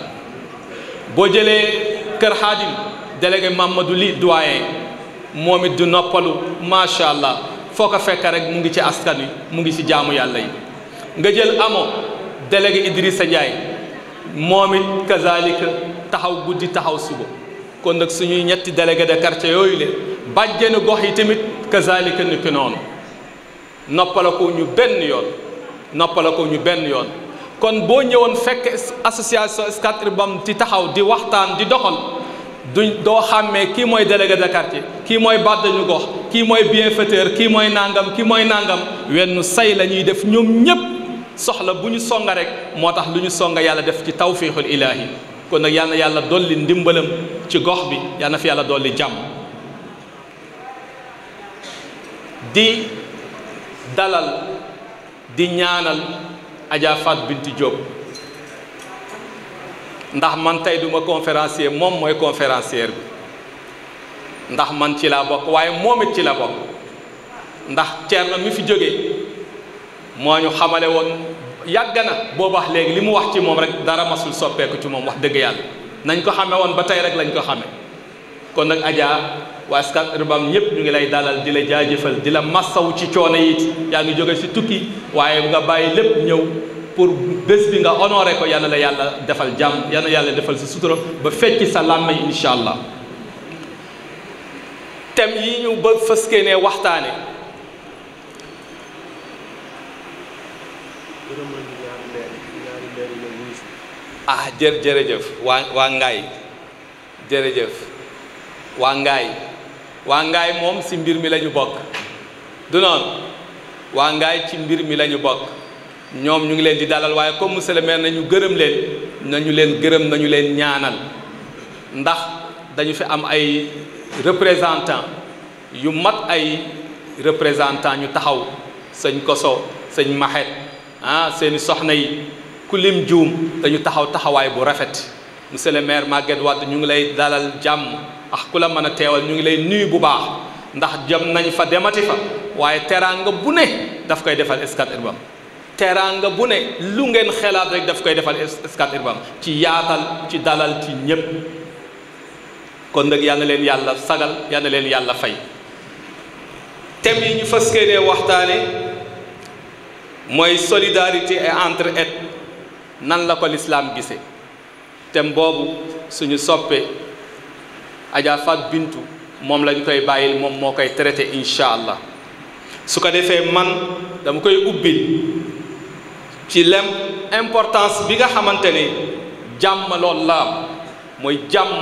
boo jëlee Kër Xaadim délégué Mamadou Li doyen moom it du noppalu macha allah foo ko fekk rek mu ngi ci askan wi mu ngi ci jaamu yàlla yi nga jël amoo délégué sa Ndiaye moom it kazalika taxaw guddi taxaw suba kon nag suñuy ñetti délégué de quartier yooyu le bàjjenu gox yi tamit kazalika ni ki noonu noppala ñu benn yoon noppala ñu benn yoon kon boo ñëwoon fekk association Scat Urbam di taxaw di waxtaan di doxal du doo xàmmee kii mooy délégué de kii mooy bàddañu gox kii mooy bien bienfaiteur kii mooy nangam kii mooy nangam wenn say la ñuy def ñoom ñépp soxla bu ñu songa rek moo tax lu ñu songa yàlla def ci tawfiixul ilaahi kon nag yàlla na yàlla dolli ndimbalam ci gox bi yal na fi yàlla dolli jàmm di dalal di ñaanal Adja Fatou Binti Diop ndax man tey duma conférencier moom mooy conférencier bi ndax man ci laa bokk waaye moom it ci la bokk ndax Thierno mu fi jóge moo ñu xamale woon yàgg na boo wax léegi li mu wax ci moom rek dara masul soppeeku ci moom wax dëgg yàlla nañ ko xamee woon ba tey rek lañ ko xamee kon nag Adja waa Scat Urbam ñëpp ñu ngi lay dalal di la jaajëfal di la massaw ci coono yi yaa ngi jóge si tukki waaye nga bàyyi lépp ñëw pour bés bi nga honoré ko yàlla la yàlla defal jàmm yàlla yàlla defal sa sutura ba fecc sa làmmiñ incha allah tem yi ñu ba fës ne waxtaane ah jër jërëjëf waa waa ngaay jërëjëf waa ngaay waa ngaay moom si mbir mi lañu bokk du noonu waa ngaay ci mbir mi la bokk ñoom ñu ngi leen di dalal waaye comme monsieur nañu gërëm leen nañu leen gërëm nañu leen ñaanal ndax dañu fi am ay représentant yu mat ay représentant ñu taxaw sëñ Koso sëñ Maxet ah seeni soxna yi ku lim juum dañu taxaw taxawaay bu rafet monsieur le maire ñu ngi lay dalal jàmm ak ku la mën a teewal ñu ngi lay nuyu bu baax ndax jëm nañ fa demati fa waaye teraanga bu ne daf koy defal Scat Urbam teranga bu ne lu ngeen xelaat rek daf koy defal Scat Urbam ci yaatal ci dalal ci ñépp kon nak yalla leen yàlla sagal yalla leen yàlla fay tem yi ñu fas yéene waxtaane mooy solidarité et et nan la ko l'islam gise tem bobu suñu soppe Adja Fat Bintu mom lañ koy bayil mom moo koy traité inshallah su ko man dama koy ubbil ci lem importance bi nga xamante ne jàmm loolu la mooy jàmm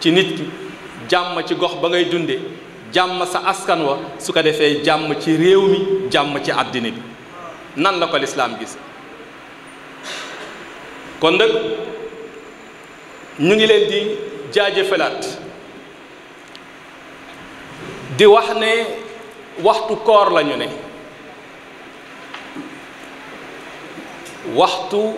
ci nit ki jàmm ci gox ba ngay dunde jàmm sa askan wa su ko defee jàmm ci réew mi jàmm ci àddina bi nan la ko lislaam gis kon nag ñu ngi leen di jaajëfalaat di wax ne waxtu koor lañu ne waxtu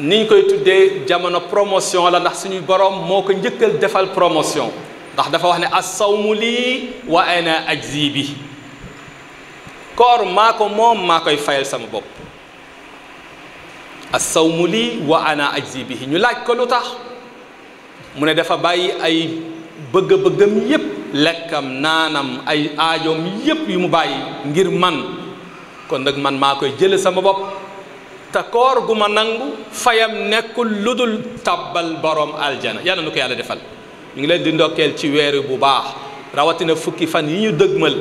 niñ koy tuddee jamono promotion la ndax suñu borom moo ko njëkkal defal promotion ndax dafa wax ne assawmu lii wa ana ajzi bi koor maa ko moom maa koy fayal sama bopp assawmu lii wa ana ajzi bi ñu laaj ko lu tax mu ne dafa bàyyi ay bëgg-bëggam yépp lekkam naanam ay aajoom yépp yu mu bàyyi ngir man kon nag man maa koy jële sama bopp te koor gu ma nangu fayam nekkul lu dul tàbbal borom aljana yàlla nu ko yàlla defal ñu ngi leen di ndokkeel ci weeru bu baax rawatina fukki fan yi ñu dëgmal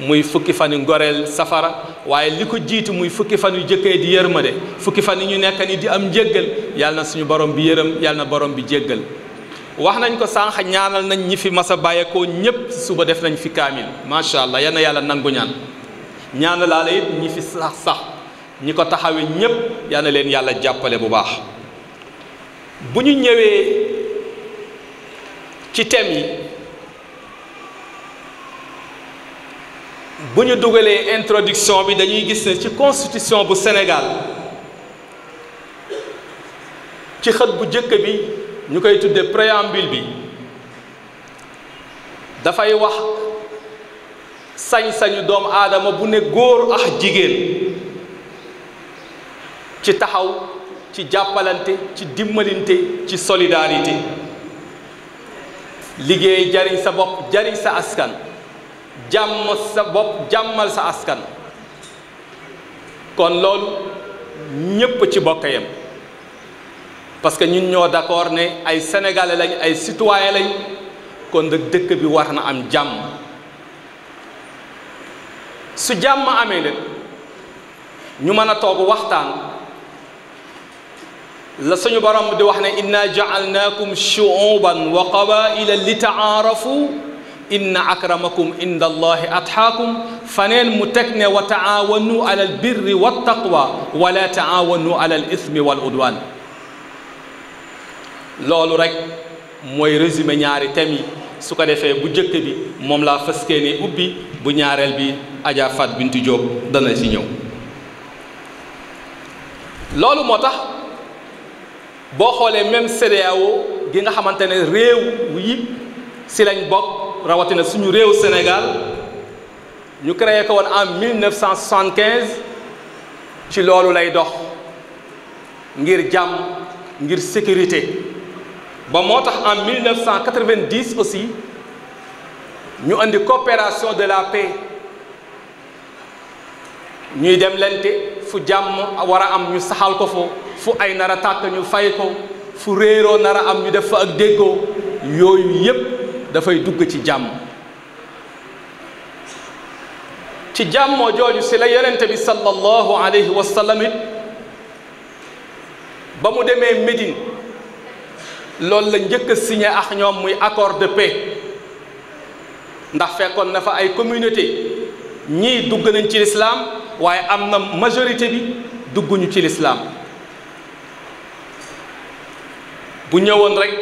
muy fukki fan yu ngoreel safara waaye li ko jiitu muy fukki fan yu jëkkee di yërmande fukki fan yi ñu nekk ni di am jéggal yàlla na suñu borom bi yërëm yàlla na borom bi jéggal wax nañ ko sànq ñaanal nañ ñi fi masa a bàyyeekoo ñépp suba def nañ fi kaamil macha allah yal na yàlla nangu ñaan ñi ko taxawe ñépp yal leen yàlla jàppale bu baax bu ñu ñëwee ci thème yi bu ñu dugalee introduction bi dañuy gis ne ci constitution bu Sénégal ci xët bu jëkk bi ñu koy tudde préambule bi dafay wax sañ-sañu doomu aadama bu ne góor ak jigéen ci taxaw ci jàppalante ci dimbalante ci solidarité liggéey jariñ sa bopp jariñ sa askan jàmm sa bopp jàmmal sa askan kon loolu ñépp ci bokk yam parce que ñun ñoo d'accord ne ay sénégalais lañ ay citoyens lañ kon nag dëkk bi war na am jàmm su jàmm amee nag ñu mën a toog waxtaan la suñu borom di wax ne inna jaalnaakum shuuban wa qabaila li taaarafu inna akramakum inda allahi atxaakum faneen mu teg ne wa taawanu ala albirri waltaqwa wala taawanu ala alithmi waludwan loolu rek mooy résumé ñaari thèmes yi su ko defee bu jëkk bi moom laa fëskee ne ubbi bu ñaareel bi Adja Fat Bintou Diop dana ci ñëw loolu moo tax boo xoolee même CDAO gi nga xamantene ne réew yi si lañ bokk rawatina suñu réew Sénégal ñu créé ko won en 1975 ci lolu lay dox ngir jàmm ngir sécurité ba motax en 1990 aussi ñu indi coopération de la paix ñuy dem fu jàmm war a am ñu saxal ko fo fu ay nar a tàkk ñu fay fu réeroo nar a am ñu def fa ak déggoo yooyu yépp dafay dugg ci jàmm ci jàmmoo jooju ci la yonente bi sallallahu alayhi wa ba mu demee Médine loolu la njëkk a ak ñoom muy accord de paix ndax fekkoon na fa ay communauté ñii dugg nañ ci lislaam waye amna majorité bi dugguñu ci l'islam bu ñewon rek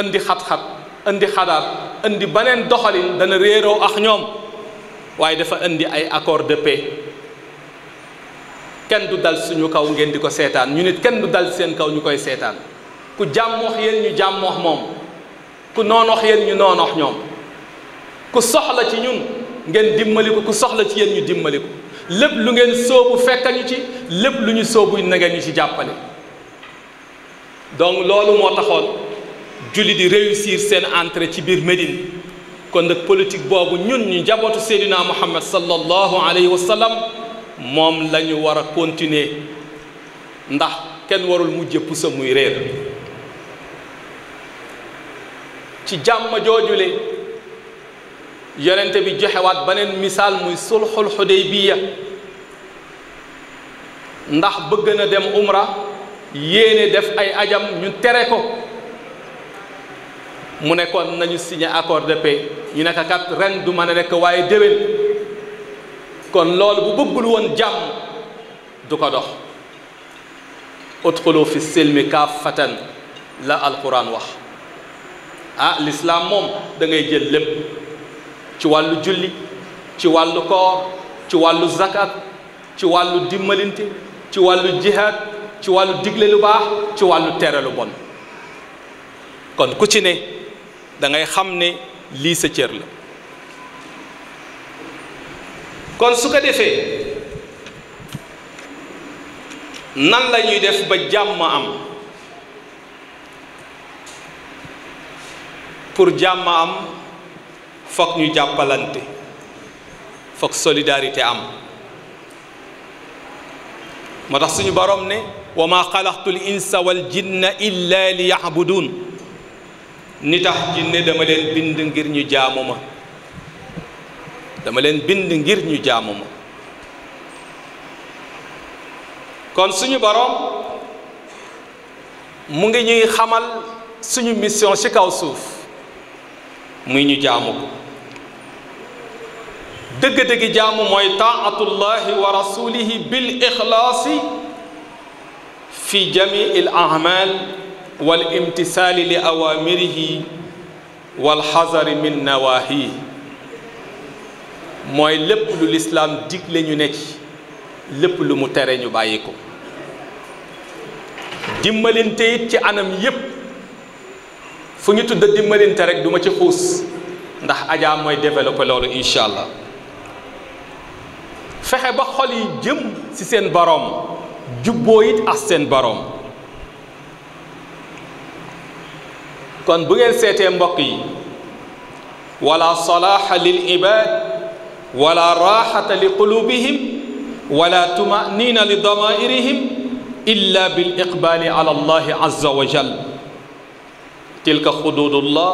andi khat khat andi khadar andi banen doxali dana rero ak ñom waye dafa andi ay accord de paix ken du dal suñu kaw ngeen diko ko ñu nit ken du dal seen kaw ñukoy koy ku jamm wax yéen ñu jamm wax mom ku non wax yéen ñu non wax ñom ku soxla ci ñun ngeen dimbaliko ku soxla ci yéen ñu dimbaliko lépp lu ngeen sóobu fekk ñu ci lépp lu ñu sóobu na ngeen ñu ci jàppale donc loolu moo taxoon julli di réussir seen entrée ci biir Médine kon nag politique boobu ñun ñu njabootu Seydina Muhammad sallallahu alayhi wa sallam moom lañu ñu war a continuer ndax kenn warul mujje pusa muy réer ci jàmm joojule yonente bi joxewaat beneen misaal muy sulxul xudaybiya ndax bëgg na dem umra yene def ay ajam ñu tere ko mu ne kon nañu signé accord de paix ñu nekk kat ren du mën a nekk waaye déwén kon loolu bu bëggul woon jàmm du ko dox udxulu fi silmi kaafatan la alquran wax ah l'islam moom da ngay jël lépp ci wàllu julli ci wàllu koor ci wàllu zakat ci wàllu dimbalinte ci wàllu jihad ci wàllu digle lu baax ci wàllu tere lu bon kon ku ci ne dangay xam ne lii sa cër la kon su ko defee nan lañuy def ba jàmm am pour jàmm am foog ñu jàppalante foog solidarité am moo tax suñu boroom ne wa ma xalaqtu l insa wal jinna illa li yacbudun ni tax jinne dama leen bind ngir ñu jaamu ma dama leen bind ngir ñu jaamu kon suñu borom mu ngi ñuy xamal suñu mission ci kaw suuf muy ñu jaamu ko dëgg-dëgg جامو mooy taatullahi الله ورسوله بالاخلاص في جميع الاعمال والامتثال لاوامره والحذر من نواهيه awaamirihi wal xazari min nawahihi mooy lépp lu lislaam digle ñu ne ci lépp lu mu tere ñu bàyyi ko dimbalinte it تي anam yépp fu ñu ndax ajaa moy développé lolu inshallah fexe ba xol yi jëm ci seen borom jubboo it ak seen borom kon bu ngeen seetee mbokk yi wala salaaxa lil ibaad wala raaxata li qulubihim wala tumanina li damairihim illa bil iqbaali ala allah azza wa jal tilka xuduudullah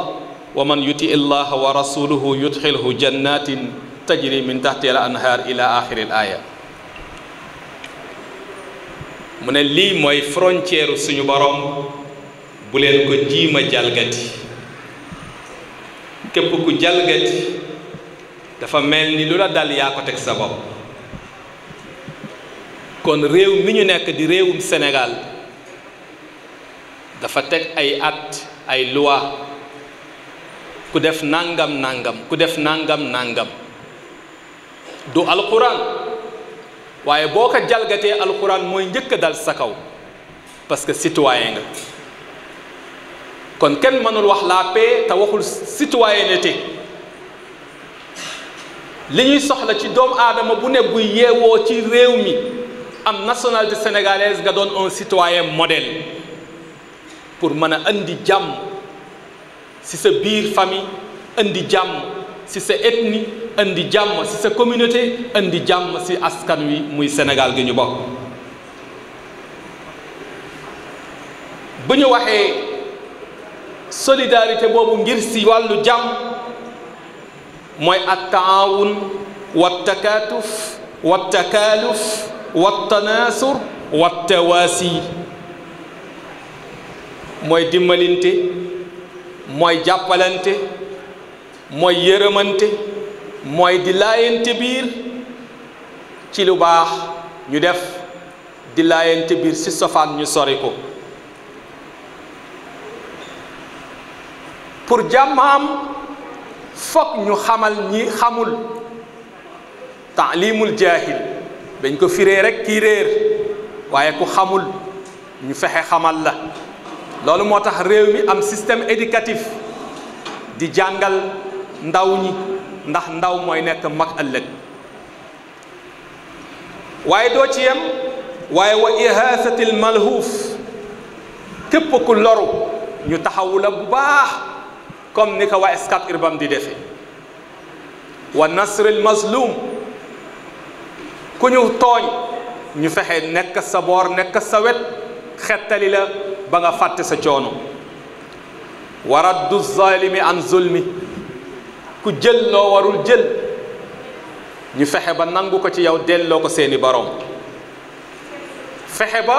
wa man yuti illaha wa rasuluhu yudxilhu jannatin tajri min tahtiha anhar ila akhiril aya mu ne lii mooy frontière suñu borom bu leen ko jiima jalgati képp ku jalgati dafa mel ni dal yaa ko teg sa bopp kon réew mi ñu nekk di réewum Senegal, dafa teg ay at ay loi ku def nangam nangam ku def nangam nangam du alquran waye boo jalgate alquran moy ñeuk dal sa kaw parce que citoyen nga kon ken manul wax la paix ta waxul citoyenneté li ñuy soxla ci doomu aadama bu ne buy yeewoo ci rew mi am nationalité sénégalaise ga doon un citoyen modèle pour mëna andi jam ci sa biir famille andi jam ci sa ethnie indi jàmm si sa communauté indi jàmm ci askan wi muy senegal gi ñu bokk bu ñu waxee solidarité boobu ngir ci wàllu jàmm mooy at taawun wa takaatuf wa takaaluf wa tanaasur wa tawaasi mooy dimbalante mooy jàppalante mooy yërëmante mooy di laayante biir ci lu baax ñu def di laayante biir ci sofaan ñu sori ko pour jàmmaam am fokk ñu xamal ñi xamul taalimul jaahil dañ ko firee rekk kii réer waaye ku xamul ñu fexe xamal la loolu moo tax réew mi am système éducatif di jàngal ndaw ñi ndax ndaw moy nek mak ëlëk waye do ci yam waye wa ihaasati malhuf kep ku loru ñu taxawu bu baax comme ni ko wa Scat Urbam di defe wa al mazlum ku ñu tooñ ñu fexe nek sa bor nek sa wet xettali la ba nga fàtte sa coono waraddu zalimi an zulmi ku jël loo warul jël ñu fexe ba nangu ko ci yow delloo ko seeni borom fexe ba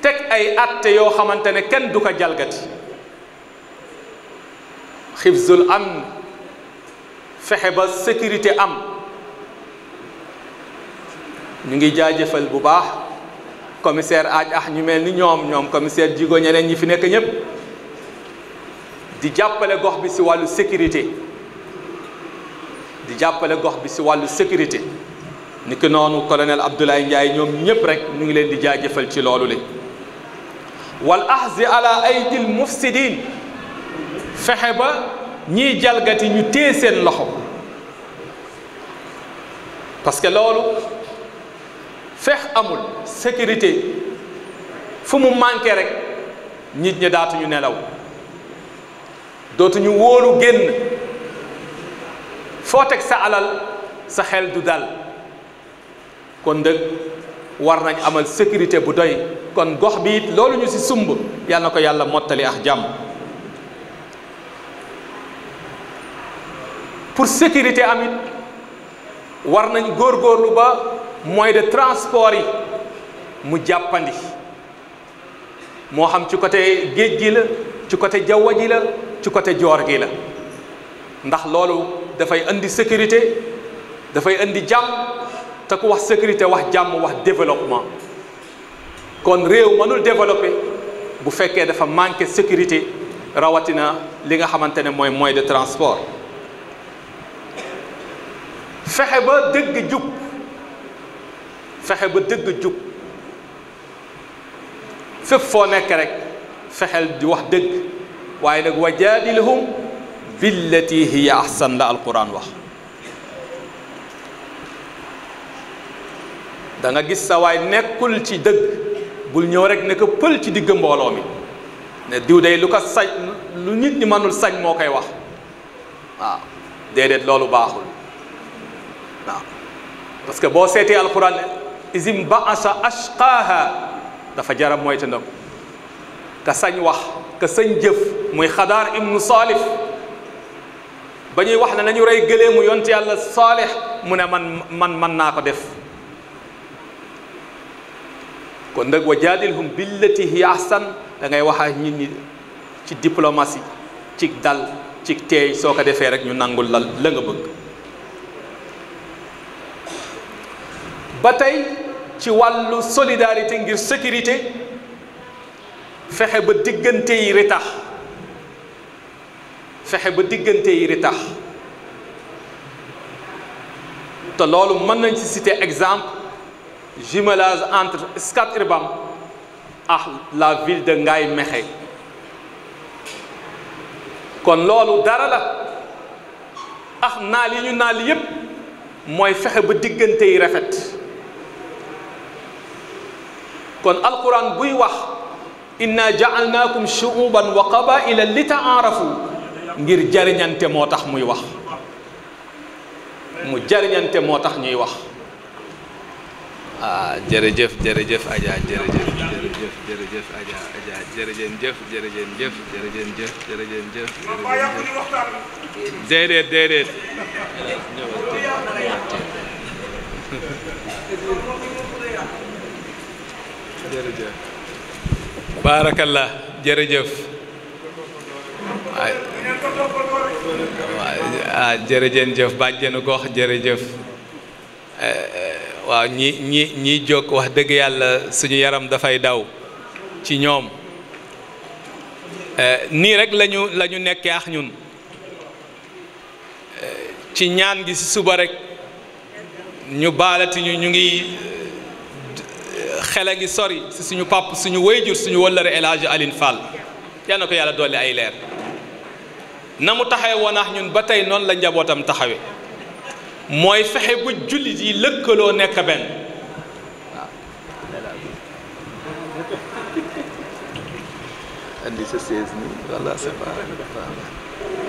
teg ay atte yoo xamante ne kenn du ko jalgati xifzul am fexe ba sécurité am ñu ngi jaajëfal bu baax commissaire aaj ah ñu mel ni ñoom ñoom commissaire jigo ñeneen ñi fi nekk ñépp di jàppale gox bi si wàllu sécurité di jàppale gox bi ci walu sécurité ni ki noonu colonel Abdoulaye Ndiaye ñom ñep rek ñu ngi leen di jaajeufal ci lolu le wal ahzi ala al mufsidin fahaba ñi jalgati ñu téye sen loxo parce que lolu fex amul sécurité fu mu manké rek nit ñi daatu ñu nelaw dootu ñu wolu génn فوتك سالال sa alal sa xel du dal kon dëgg war nañ amal sécurité bu doy kon gox bi it loolu ñu ci sumb yàlla na pour sécurité amit war nañ gor gor lu ba moy de transport yi mu jàppandi mo xam ci côté géej gi la ci côté jawaji la ci côté joor gi la ndax lolu dafay indi sécurité dafay indi jàmm te ku wax sécurité wax jàmm wax développement kon réew mënul développé bu fekkee dafa manqué sécurité rawatina li nga xamante ne mooy moyen de transport fexe ba dëgg jub fexe ba dëgg jub fépp foo nekk rek fexeel di wax dëgg waaye nag wajaadilhum billati hiya ahsan la alquran wax da nga gis sa waay nekkul ci dëgg bul ñëw rek ne ko pël ci digg mbooloo mi ne diw day lu ko sañ lu nit ñi mënul sañ moo koy wax waaw déedéet loolu baaxul waaw parce que boo seetee alquran isim baasa ashqaaha dafa jara moyta nag ka sañ wax ka sañ jëf muy xadaar ibnu salif ba ñuy wax ne nañu rey gëleemu yonent yàlla saalix mu ne man man man naa ko def kon nag wa jaadilhum billati hiya ahsan da ngay wax ñi ci diplomatie ci dal ci teey soo ko defee rek ñu nangul la la nga bëgg ba tey ci wàllu solidarité ngir sécurité fexe ba diggante yi retax fexe ba diggante yi ritax tax te loolu mën nañ ci citer exemple jumelage entre skat irbam ah la ville de Ngaye mexe kon loolu dara la ah naal yi ñu naal yépp mooy fexe ba diggante yi rafet kon alquran buy wax inna ja'alnakum shu'uban wa qaba'ila li ngir jariñante moo tax muy wax mu jariñante moo tax ñuy wax ah jërëjëf jërëjëf Adja jërëjëf jërëjëf jërëjëf Adja Adja jërëjëf jëf jërëjëf jëf jëf jërëjëf jëf jërëjëf déedéet déedéet jërëjëf baarakallah jërëjëf ah jërëjën jëf bàjjenu gox jërëjëf waaw ñi ñi ñiy jóg wax dëgg yàlla suñu yaram dafay daw ci ñoom nii rek lañu la ñu nekkee ax ñun ci ñaan gi si suba rek ñu baalati ñu ñu ngi xel a ngi sori si suñu pàpp suñu wayjur suñu wëllëre El Hadj Aline Fall yal ko yàlla dolli ay leer namu mu taxawe ak ñun batay non la njabotam taxawe moy fexe bu julli yi lekkelo nek ben andi sa seize ni wala c'est pas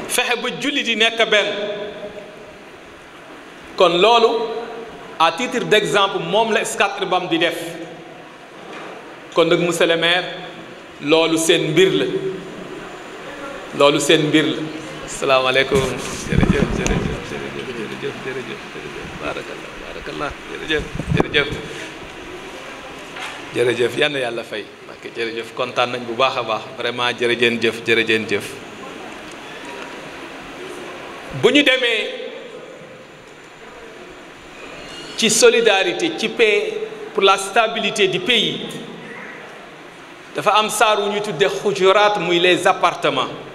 fexe ba jullit yi nekk benn kon loolu à titre d'exemple moom la Scat Urbam di def kon nag monsieur le maire loolu seen mbir la loolu seen mbir la asalaamaaleykum jërëjëf jërëjëf jërëjëf jërëjëf jërëjëf jërëjëf baarakallah baarakallah jërëjëf jërëjëf jërëjëf yann yàlla fay parce que jërëjëf kontaan nañ bu baax a baax vraiment jërëjeen jëf jërëjeen jëf bu ñu demee ci solidarité ci paix pour la stabilité di pays dafa am saar wu ñu tudde xujuraat muy les appartements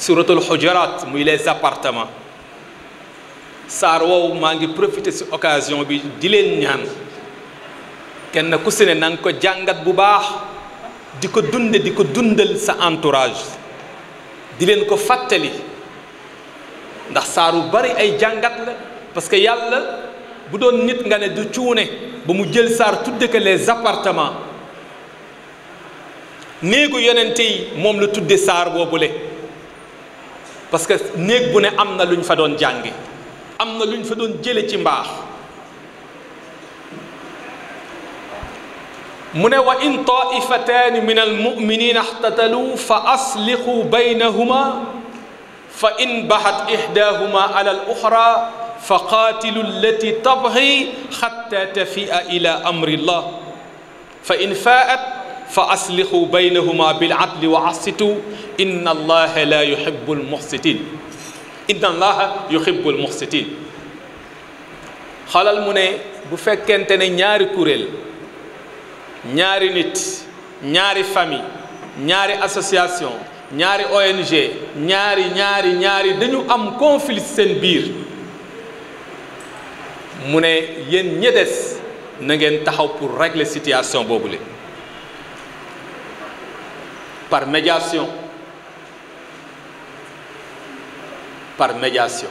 suratul hujarat muy les appartements saar woowu maa ngi ci occasion bi di len ñaan kenn ku si nang ko jangat bu baax di ko dundal sa entourage di len ko fatali ndax saar bari ay jangat la parce que yalla bu doon nit nga ne du cuune bu mu jël saar tudde les appartements néegu yonente yi moom la tudde saar boobule parce que néeg bu ne am na lu ñu fa doon jànge am na lu ñu fa doon jële ci mbaax mu ne wa in taifataani min almuminina ixtatalu fa aslixu baynahuma fa in baxat ixdaahuma ala aluxra fa qaatilu allati tabxi xatta tafi'a ila amri llah fa in faat فأصلحوا بينهما بالعدل وعصتوا إن الله لا يحب المحسنين إن الله يحب المحسنين خلال من بو فكنتني نياري كوريل نياري نيت نياري فامي نياري اسوسياسيون نياري او ان جي نياري نياري نياري دانيو ام كونفليت سين بير من ين نيدس نغن تخاو بور ريغلي سيتياسيون بوبولي par médiation par médiation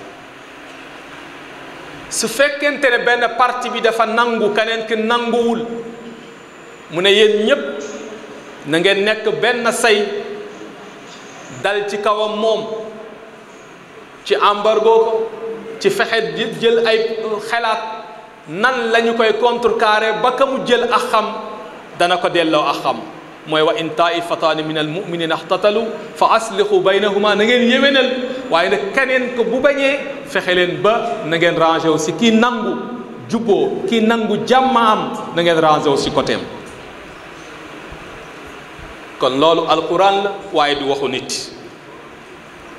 su fekkente ne benn parti bi dafa nangu keneen ki nanguwul mu ne yéen ñépp na ngeen nekk benn say dal ci kawam moom ci embargo ci fexe jël ay xalaat nan lañu koy koy contrecarrer ba ka mu jël ak xam dana ko delloo ak xam mooy wa in taifataani min almuminina axtatalu fa aslihu baynahuma na ngeen yéwénal waaye nag keneen ko bu bañee fexe leen ba na ngeen rangé wu si kii nangu jubboo kii nangu jàmmaam na ngeen rangé wu si côté am kon loolu alquran la waaye du waxu nit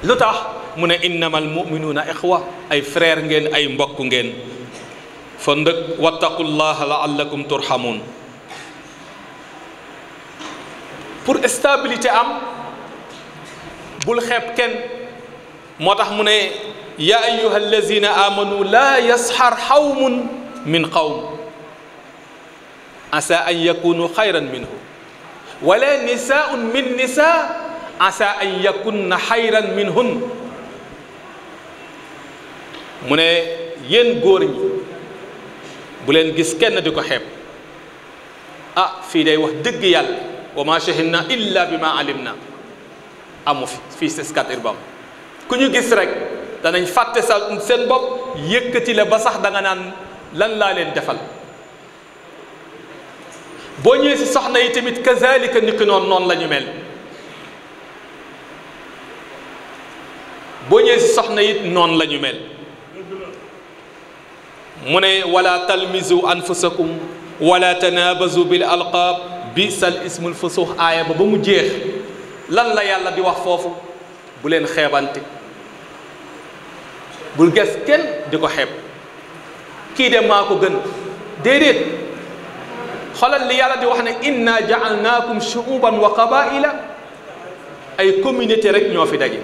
lu tax mu ne innama almuminuuna ixwa ay frère ngeen ay mbokk ngeen fa ndëg wattaqullaha laallakum turhamuun pour stabilité am bul xeeb ken motax mune ya ayyuhal allazina amanu la yashar xawmun min qawm asa an yakunu khayran minhu wala nisaun min nisa asa an yakunna xayran minhun mu ne yéen góor ñi bu leen gis kenn di ko xeeb ah fii day wax dëgg yàlla وما شهدنا إلا بما علمنا أموفي في سكات إربام كنيو جس رك تاني فات سال إنسان بوب يكتي لبصح دعانا لن لا لن تفعل بني سحنا يتمت كذلك نكون نون لن يمل بني سحنا يت نون لن يمل من ولا تلمزوا أنفسكم ولا تنابزوا بالألقاب bisal ismul fusuh aya ba ba mu jeex lan la yàlla di wax fofu bu len xébanté bu ges ken diko xeb ki de gën dedet xolal li yàlla di wax ne inna ja'alnakum shuuban wa qabaila ay communauté rek ñoo fi daje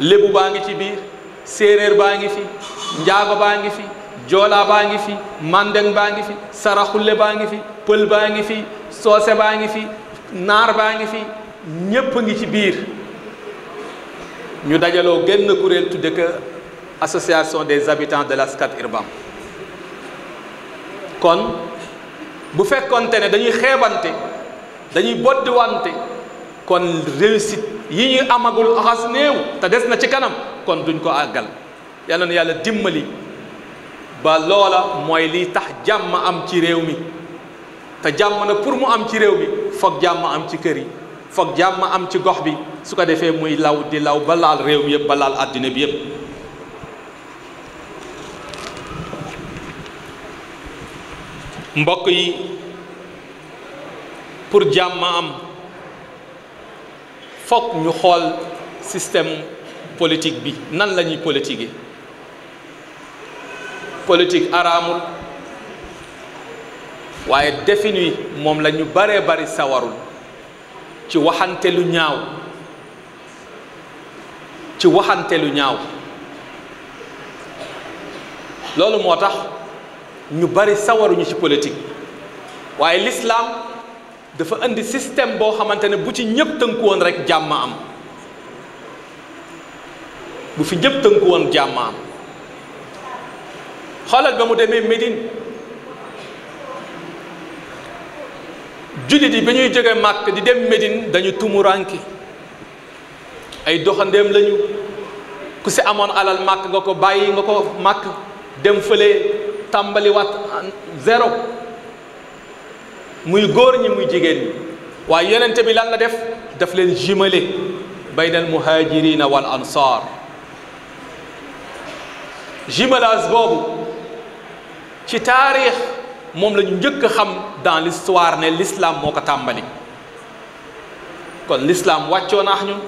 lébu baangi ci biir séréer baangi fi njaago baangi fi joolaa baa ngi fi mandeng baa ngi fi saraxulle baa ngi fi pël baa ngi fi soose baa ngi fi naar baa ngi fi ñépp ngi ci biir ñu dajaloo génn kuréel tudde ko association des habitants de l'Ascat Urbam kon bu fekkonte ne dañuy xeebante dañuy boddi kon réussite yi ñuy amagul axas néew te des na ci kanam kon duñ ko àggal yal na yàlla dimbali ba loola mooy lii tax jàmm am ci réew mi te jàmm na pour mu am ci réew mi foog jàmm am ci kër yi foog jàmm am ci gox bi su ko defee muy law di law ba laal réew mi yëpp ba laal àddina bi yëpp mbokk yi pour jàmm am foog ñu xool système politique bi nan la ñuy politiquer politique araamu waaye defin moom la ñu baree bari sawarul ci waxante lu ñaaw ci waxante lu ñaaw loolu moo tax ñu bari sawaruñu ci politique waaye lislaam dafa indi système boo xamante ne bu ci ñëpp tënku woon rek jàmm am bu fi ñëpp tënku woon jàmm am xoolal ba mu demee Médine jullit yi bi ñuy jóge màkk di dem Médine dañu tumuraanki ay doxandeem lañu ku ci amoon alal màkk nga ko bàyyi nga ko màkk dem fële tàmbaliwaat zéro muy góor ñi muy jigéen ñi waaye yonente bi lan la def daf leen jumelé bayna al muhajirina wal ansar jumelage boobu ci taarix moom lañu njëkk a xam dans l'histoire ne l'islam moo ko tàmbali kon lislaam wàccoo naax ñun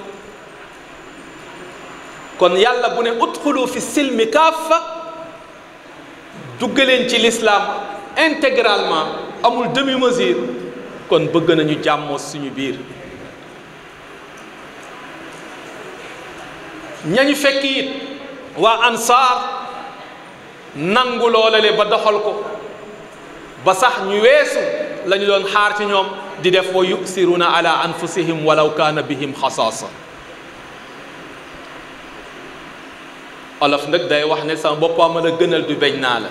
kon yàlla bu ne udxulu fi silmi kaafa duggaleen ci lislaam intégralement amul demi mesure kon bëgg nañu jàmmoo suñu biir ñañu fekk it waa ansaar nangu lolale ba doxal ko ba sax ñu weesu lañu doon xaar ci ñom di def wa yuksiruna ala anfusihim walau kana bihim xasaasa alaf nak day wax ne sama boppam la gënal du beñ naa la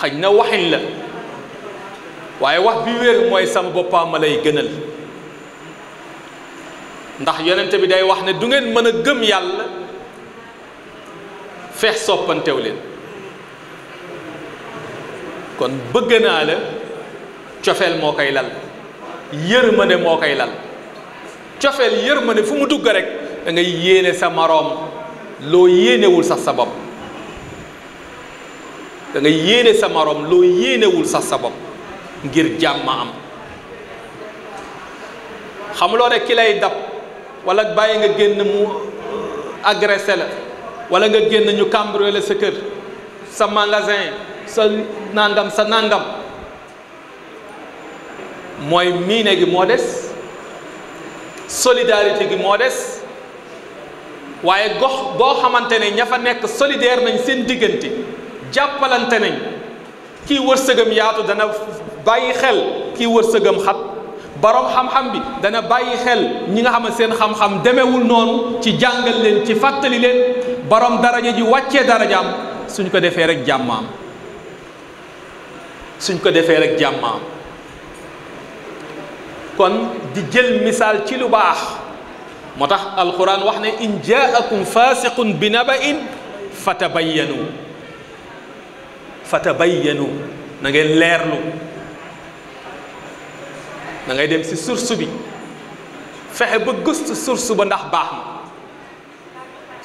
xajna waxin la waye wax bi wér mooy sama boppam lay gënal ndax yonent bi day wax ne du ngeen mëna gëm yàlla feex soppantew leen kon bëgg naa la cofeel moo koy lal yërmande moo koy lal cofeel ma ne fu mu dugg rek dangay ngay yéene sa moroom loo yéenewul sa bopp da ngay sa moroom loo yéenewul sax sa bopp ngir jàmm am xamuloo ne ki lay dab walla bàyyi nga génn mu agressé wala nga génn ñu cambrioler sa kër sa magasin sa nangam sa nangam mooy miine gi moo des solidarité gi moo des waaye gox boo xamante ne ña fa nekk solidaire nañ seen diggante jàppalante nañ kii wërsëgam yaatu dana bàyyi xel kii wërsëgam xat borom xam-xam bi dana bàyyi xel ñi nga xamal seen xam-xam demewul noonu ci jàngal leen ci fàttali leen borom daraja ji wacce darajaam suñ ko defé rek jammam suñ ko defé rek jammam kon di jël misal ci lu baax motax alquran waxne in jaakum fasiqun binaba'in fatabayyanu fatabayyanu na ngeen leerlu da ngay dem ci source bi fexe ba gëstu source ba ndax baax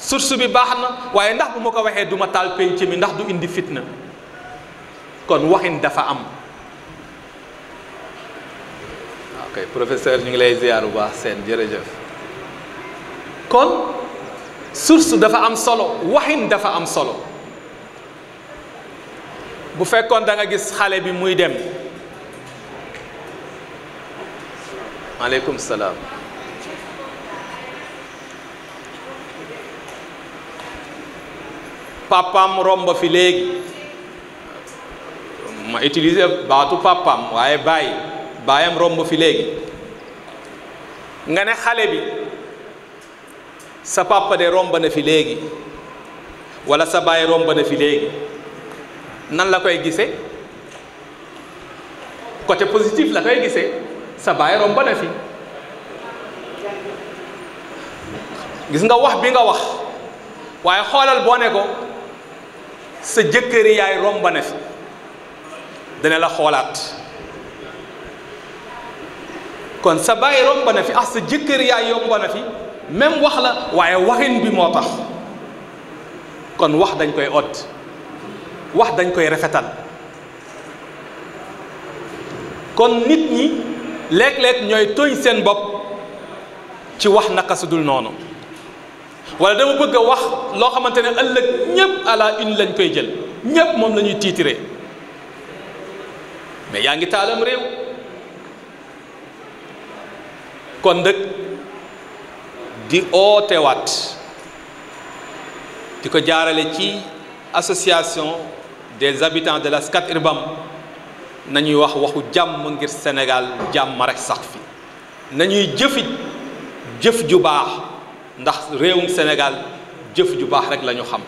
source bi baax na waaye ndax bu ma ko waxee duma ma taal penc mi ndax du indi fitna kon waxin dafa am ok professeur ñu ngi lay ziar bu baax seen jërëjëf kon source dafa am solo waxin dafa am solo bu fekkoon danga gis xale bi muy dem maaleykum salaam papam romb fi léegi moo utiliser baatu papam waaye baay baayam romb fi léegi nga ne xale bi sa papa de romb na fi léegi wala sa baay romb na fi léegi nan la koy gisee côté positif la koy gise sa baay romb na fi gis nga wax bi nga wax waaye xoolal boo ne ko sa jëkkëri yaay rombane fi dana la xoolaat kon sa bàyyi rombane fi ah sa jëkkëri yaay yombane fi même wax la waaye waxin bi moo tax kon wax dañ koy ott wax dañ koy rafetal kon nit ñi léeg-léeg ñooy tooñ seen bopp ci wax naka su dul noonu wala dama bëgg wax loo xamante ne à la une jël la mais yaa taalam réew kon di ootewaat di ko jaarale ci association des habitants de la Scat Urbam nañuy wax waxu ngir Sénégal jàmm rek sax fi nañuy jëfit ndax réewum Sénégal jëf ju baax rek lañu xam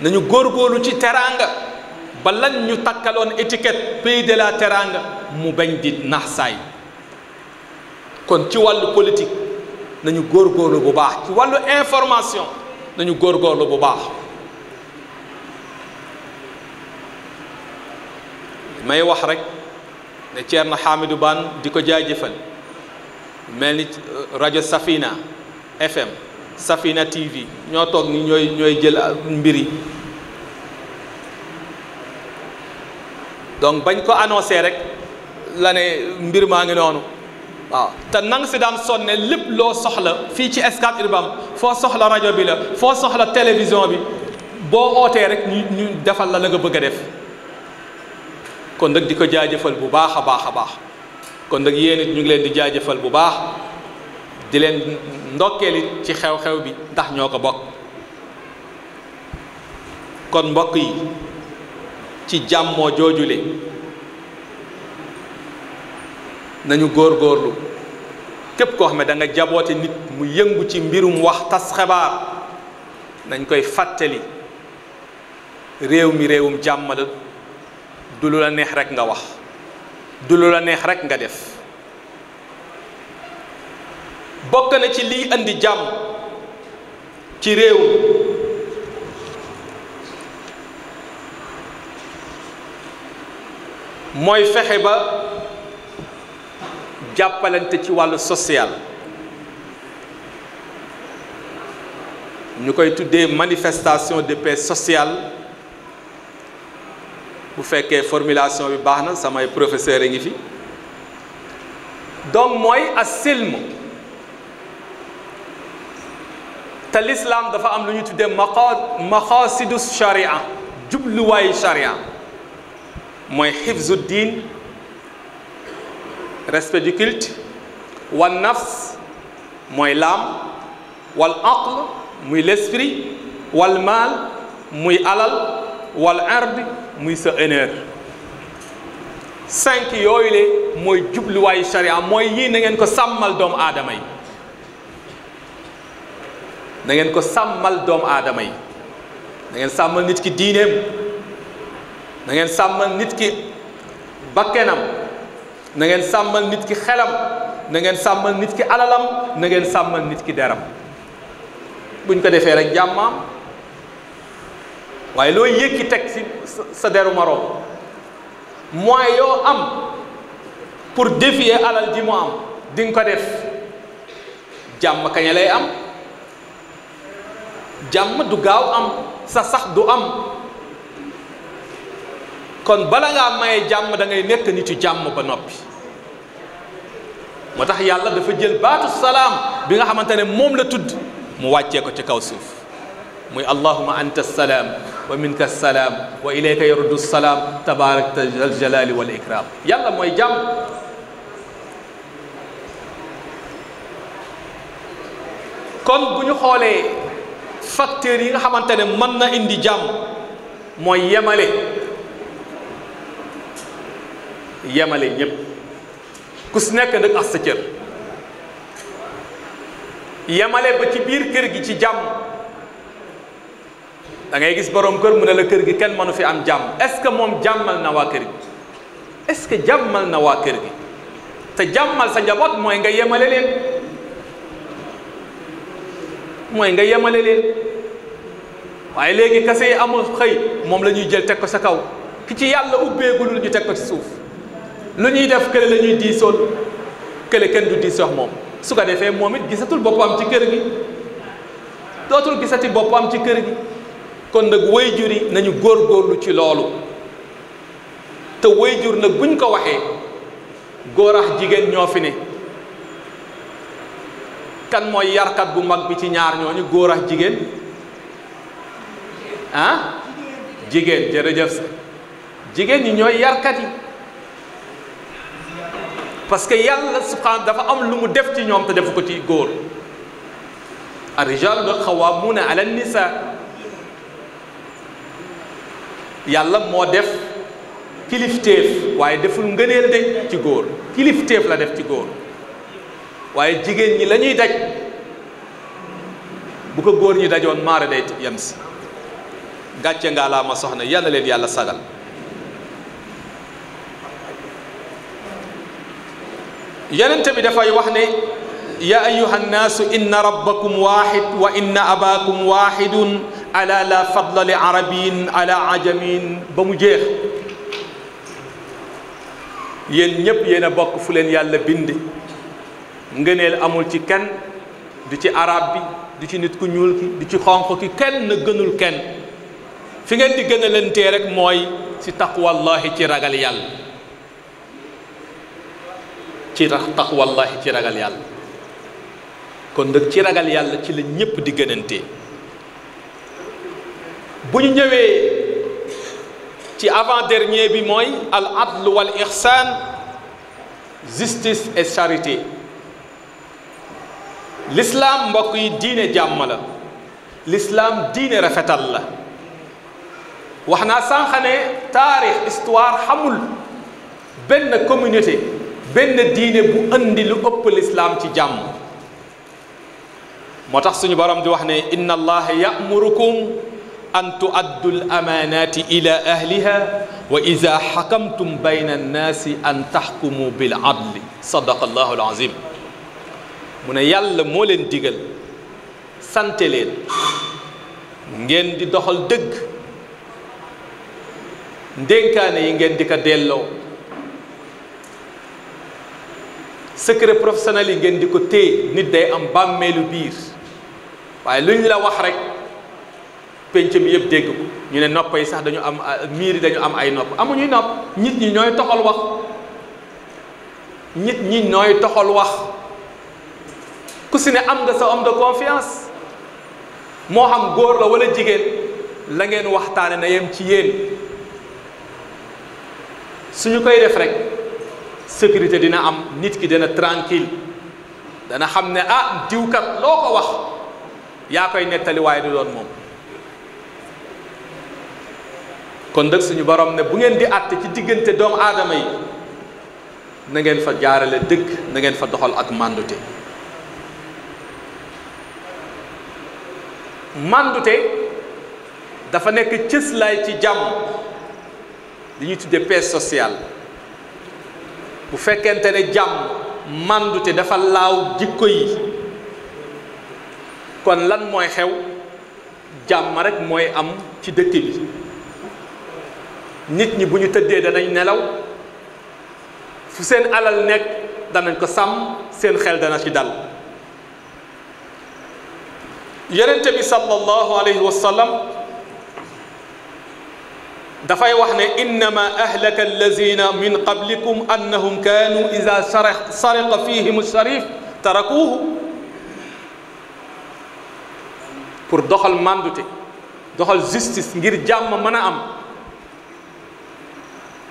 nañu góorgóorlu ci teranga ba lan ñu takkaloon étiquette pays de la teranga mu bañ di nax saay kon ci walu politique nañu góorgóorlu bu baax ci walu information nañu góorgóorlu bu baax may wax rek ne cierna Hamidou ban diko ko melni radio Safina FM Safina TV ñoo toog ni ñooy ñooy jël mbir yi donc bañ ko annoncé rek la ne mbir maa ngi noonu waaw te nang si daan sonne lépp loo soxla fii ci Scat Urbam foo soxla rajo bi la foo soxla télévision bi boo ootee rek ñu ñu defal la la nga bëgg a def kon nag di ko jaajëfal bu baax a baax a baax kon nag yéen ñu ngi leen di jaajëfal bu baax di leen li ci xew-xew bi ndax ñoo ko bokk kon mbokk yi ci jàmmoo joojule nañu góor góorlu képp koo xam ne da nga jaboote nit mu yëngu ci mbirum wax tas xabaar nañ koy fàttali réew mi réewum jàmmale la du lu la neex rek nga wax du lu la neex rek nga def bokk na ci liy andi jàmm ci réew mooy ci social ñu koy manifestation de paix sociale bu faire formulation bi baax na samay professeurs ngi fi donc mooy asilm te l'islam dafa am lu ñu tuddee maqaasidu sharia way sharia moy xifzu diin respect du culte wan nafs moy l'âme wal aql moy l'esprit wal mal moy alal wal ard moy sa honneur cinq yooyu moy mooy way sharia moy yi na ngeen ko samal doomu adamay نعن كو سامال دوم آدمي نعن سامال نيت كي دينم نعن سامال نيت كي بكنم نعن سامال نيت كي خلم نعن سامال نيت كي علالم نعن سامال نيت كي درم buñ ko defé rek jammam way lo yeki tek ci sa deru maro jàmm du gaaw am sa sax du am kon bala ngaa maye jàmm da ngay nekk nitu jàmm ba noppi moo tax yàlla dafa jël baatu salaam bi nga xamante ne moom la tudd mu wàccee ko ci kaw suuf muy allahuma anta salaam wa minka salaam wa ilayka yaruddu salaam tabaarakta zal jalaali wal ikraam yàlla mooy jàmm kon bu ñu xoolee facteurs yi nga xamante ne mën na indi jàmm mooy yemale yemale ñépp ku si nekk nag ak sa cër yemale ba ci biir kër gi ci jàmm dangay gis borom kër mu ne la kër gi kenn mënu fi am jàmm est-ce que moom jàmmal na waa kër gi est-ce que jàmmal na waa kër gi te jàmmal sa njaboot mooy nga yemale leen mooy nga yemale leen waaye léegi kase yi amul xëy moom la ñuy jël teg ko sa kaw ki ci yàlla ubbeegul lu ñu teg ko ci suuf lu ñuy def kële lañuy ñuy diisoon kële kenn du diisoox moom su ko defee moom it gisatul boppam ci kër gi dootul gisati boppam ci kër gi kon nag way jur yi nañu góorlu ci loolu te way jur nag buñ ko waxee góor ak jigéen ñoo fi ne kan mooy yarkat bu mag bi ci ñaar ñooñu góor ak jigéen ah jigen, jërëjëf jigen ñi ñooy yarkat yi parce que yàlla subhan dafa am lu mu def ci ñoom te defu ko ci góor الرجال قوامون على النساء yàlla moo def kilifteef waaye deful ngëneel de ci góor kilifteef la def ci góor waye jigen ñi lañuy daj bu ko góor ñi dajoon mara day yams si nga la ma soxna yalla leen yàlla sagal yenen yenente bi fay wax ne ya ayyuha an-nas inna rabbakum wahid wa inna abakum wahidun ala la fadla li arabin ala ajamin ba mu jeex yéen ñep yéen bok fu leen yàlla bindi ngeneel amul ci kenn du ci arab bi du ci nit ku ñuul ki du ci xonq ki kenn gënul kenn fi ngeen di gën a rek mooy ci taqwallahi ci ragal yàlla ci tax taqwallahi ci ragal yàlla kon nag ci ragal yàlla ci la ñépp di gënantee bu ñu ñëwee ci avant dernier bi mooy al adl wal ihsan justice et charité l'islam mbokk yi diine jàmm la l'islam diine rafetal la wax naa sànq ne taarix histoire xamul benn communauté benn diine bu andi lu ëpp l'islam ci jàmm moo tax suñu borom di wax ne inna allaha yamurukum an tuaddu lamanati ila ahliha wa ida xakamtum bayna annaasi an taxkumu biladli sadaqa allahu alazim mu ne yàlla moo leen digal sante leen ngeen di doxal dëgg ndénkaane yi ngeen di ko delloo secret professionnel yi ngeen di ko téye nit day am bàmmeelu biir waaye lu ñu la wax rek penc mi yëpp dégg ko ñu ne nopp yi sax dañu am miir yi dañu am ay nopp amuñuy nopp nit ñi ñooy toxal wax nit ñi ñooy toxal wax ku si ne am nga sa homme de confiance moo xam góor la wala jigéen la ngeen waxtaane na yem ci yéen suñu koy def rek sécurité dina am nit ki dana tranquille dana xam ne ah diwkat loo ko wax yaa koy nettali waaye du doon moom kon dëgg suñu borom ne bu ngeen di àtte ci diggante doomu aadama yi na ngeen fa jaarale dëkk na ngeen fa doxal ak màndute màndute dafa nekk cëslaay ci jàmm li ñuy tuddee paix sociale bu fekkente ne jàmm màndute dafa laaw jikko yi kon lan mooy xew jàmm rekk mooy am ci dëkk bi nit ñi bu ñu tëddee danañ nelaw fu seen alal nekk danañ ko sàmm seen xel dana ci dal يرنتي بي صلى الله عليه وسلم dafay wax انما اهلك الذين من قبلكم انهم كانوا اذا سرق سرق فيهم الشريف تركوه pour doxal mandouté doxal justice ngir jàmm mën am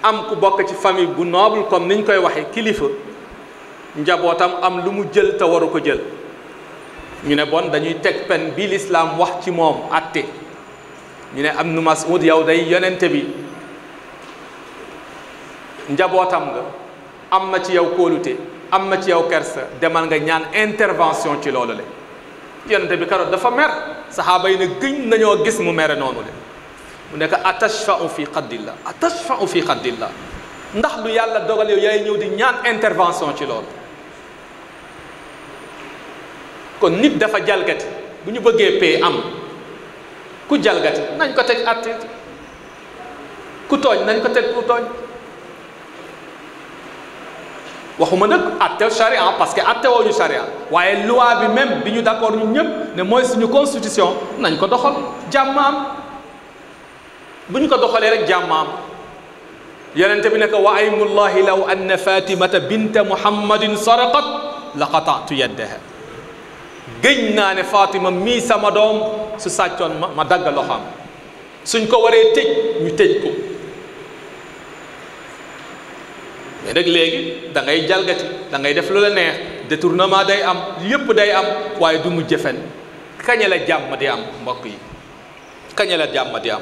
am ku bok ci famille bu noble comme niñ koy waxe kilifa njabotam am lu mu jël te waru ko jël ñu ne bon dañuy teg pen bi l'islam wax ci moom atte ñu ne am nu masud yow day yonente bi njabootam nga am na ci yow kóolute am na ci yow kersa demal nga ñaan intervention ci loolu le yonente bi karo dafa mer saxaaba yi ne gëñ nañoo gis mu mere noonu le mu nekk atashfau fi qaddillah atashfau fi qaddillah ndax lu yàlla dogal yow yaay ñëw di ñaan intervention ci loolu kon nit dafa jalgati buñu bëggé pé am ku jalgati nañ ko teg àtte ku tooñ nañ ko teg ku tooñ waxuma nak àtte sharia parce que àtte wonu sharia waye loi bi même biñu d'accord ñun ñëpp ne moy suñu constitution nañ ko doxal jammam buñ ko doxalé rek jàmmaam yonent bi ne ko wa aymullahi law anna fatimata binta muhammadin saraqat la qata'tu yaddaha géñ naa ne Fatima mii sama doom su sàccoon ma ma dagg loxoom suñ ko waree tëj ñu tëj ko léegi da jalgati da def lu la neex détournement day am yépp day am waaye du mu jëfen kañ la jàmm di am mbokk yi kañ la jàmm di am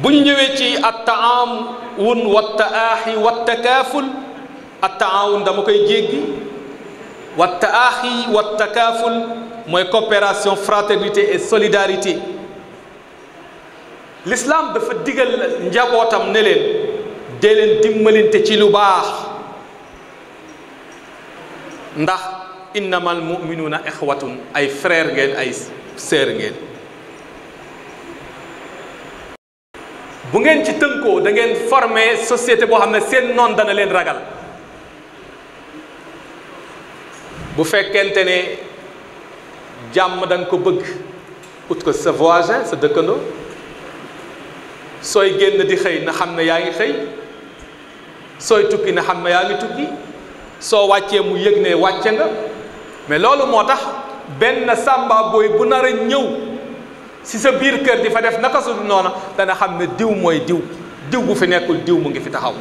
bu ñu ñëwee ci at taawun wa taaxi wa takaaful at taawun dama koy jéggi والتأخي والتكافل موي كوبيراسيون فراترنيتي اي سوليداريتي الاسلام دا فا ديغال نجابوتام نيلين دي لين ديمالينتي تي لو باخ نده انما المؤمنون اخوه اي فرير غين اي سير غين بو نين تي تنكو دا نين فورمي سوسيتي بو خامني سين نون دا نالين راغال bu fekkente ne jàmm da ko bëgg ut ko sa voisin sa dëkkandoo sooy génn di xëy na xam ne yaa ngi xëy sooy tukki na xam ne yaa ngi tukki soo wàccee mu yëg ne wàcce nga mais loolu moo tax benn sàmba booy bu nar ñëw si sa biir kër di fa def naka su noona dana xam ne diw mooy diw diw bu fi nekkul diw mu ngi fi taxaw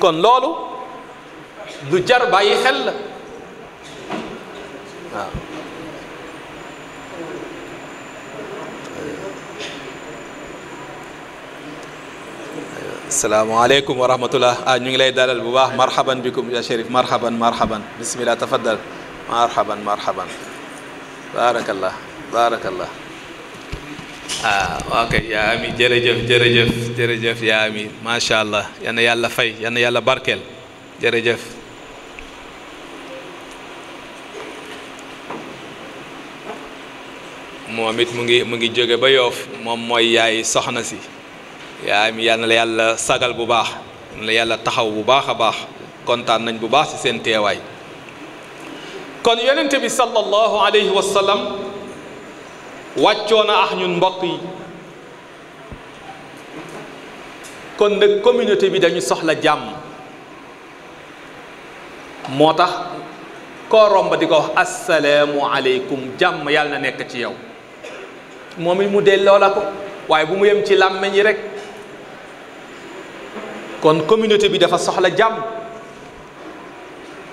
kon loolu lu jar bàyyi xel la السلام عليكم ورحمة الله نيغي دار دالال مرحبا بكم يا شريف مرحبا مرحبا بسم الله تفضل مرحبا مرحبا بارك الله بارك الله آه اوكي يا امي جرجف جرجف جرجف يا امي ما شاء الله يانا يالا فاي يانا يالا باركل جرجف moom it mu ngi mu ngi jóge ba yoof moom mooy yaay soxna si yaay mi yal na la yàlla sagal bu baax la yàlla taxaw bu baax a baax kontaan nañ bu baax ci seen teewaay kon yonente bi sallallahu alayhi wa wàccoon na ax ñun mbokk yi kon nag communauté bi dañu soxla jàmm moo tax koo romb di ko wax asalaamu aleykum jàmm yàlla na nekk ci yow momi mu delloo la ko waye bu mu yem ci làmmeñ rek kon communauté bi dafa soxla jam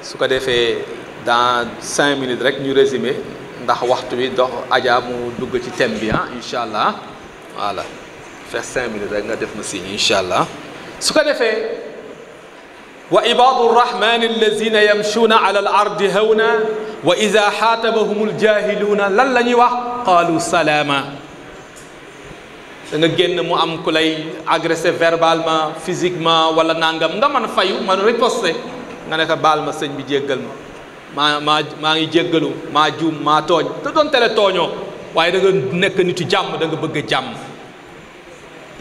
su ko defee dans 5 minutes rek ñu résumé ndax waxtu bi dox aja mu dugg ci thème bi hein inshallah voilà fa 5 minutes rek nga def ma signe inshallah allah su ko defee wa ibaadu rahmani allazina yamshuuna ala al ardi hawna wa ida xaatabahum aljahiluuna lan la wax qaalu salaama danga nga génn mu am ku lay agressé verbalement physiquement wala nàngam nga mën fayu man riposte nga ne ko baal ma sëñ bi jéggal ma maa maa ngi jéggalu maa juum maa tooñ te doon tele tooñoo waaye da nga nekk nitu jàmm danga bëgg jàmm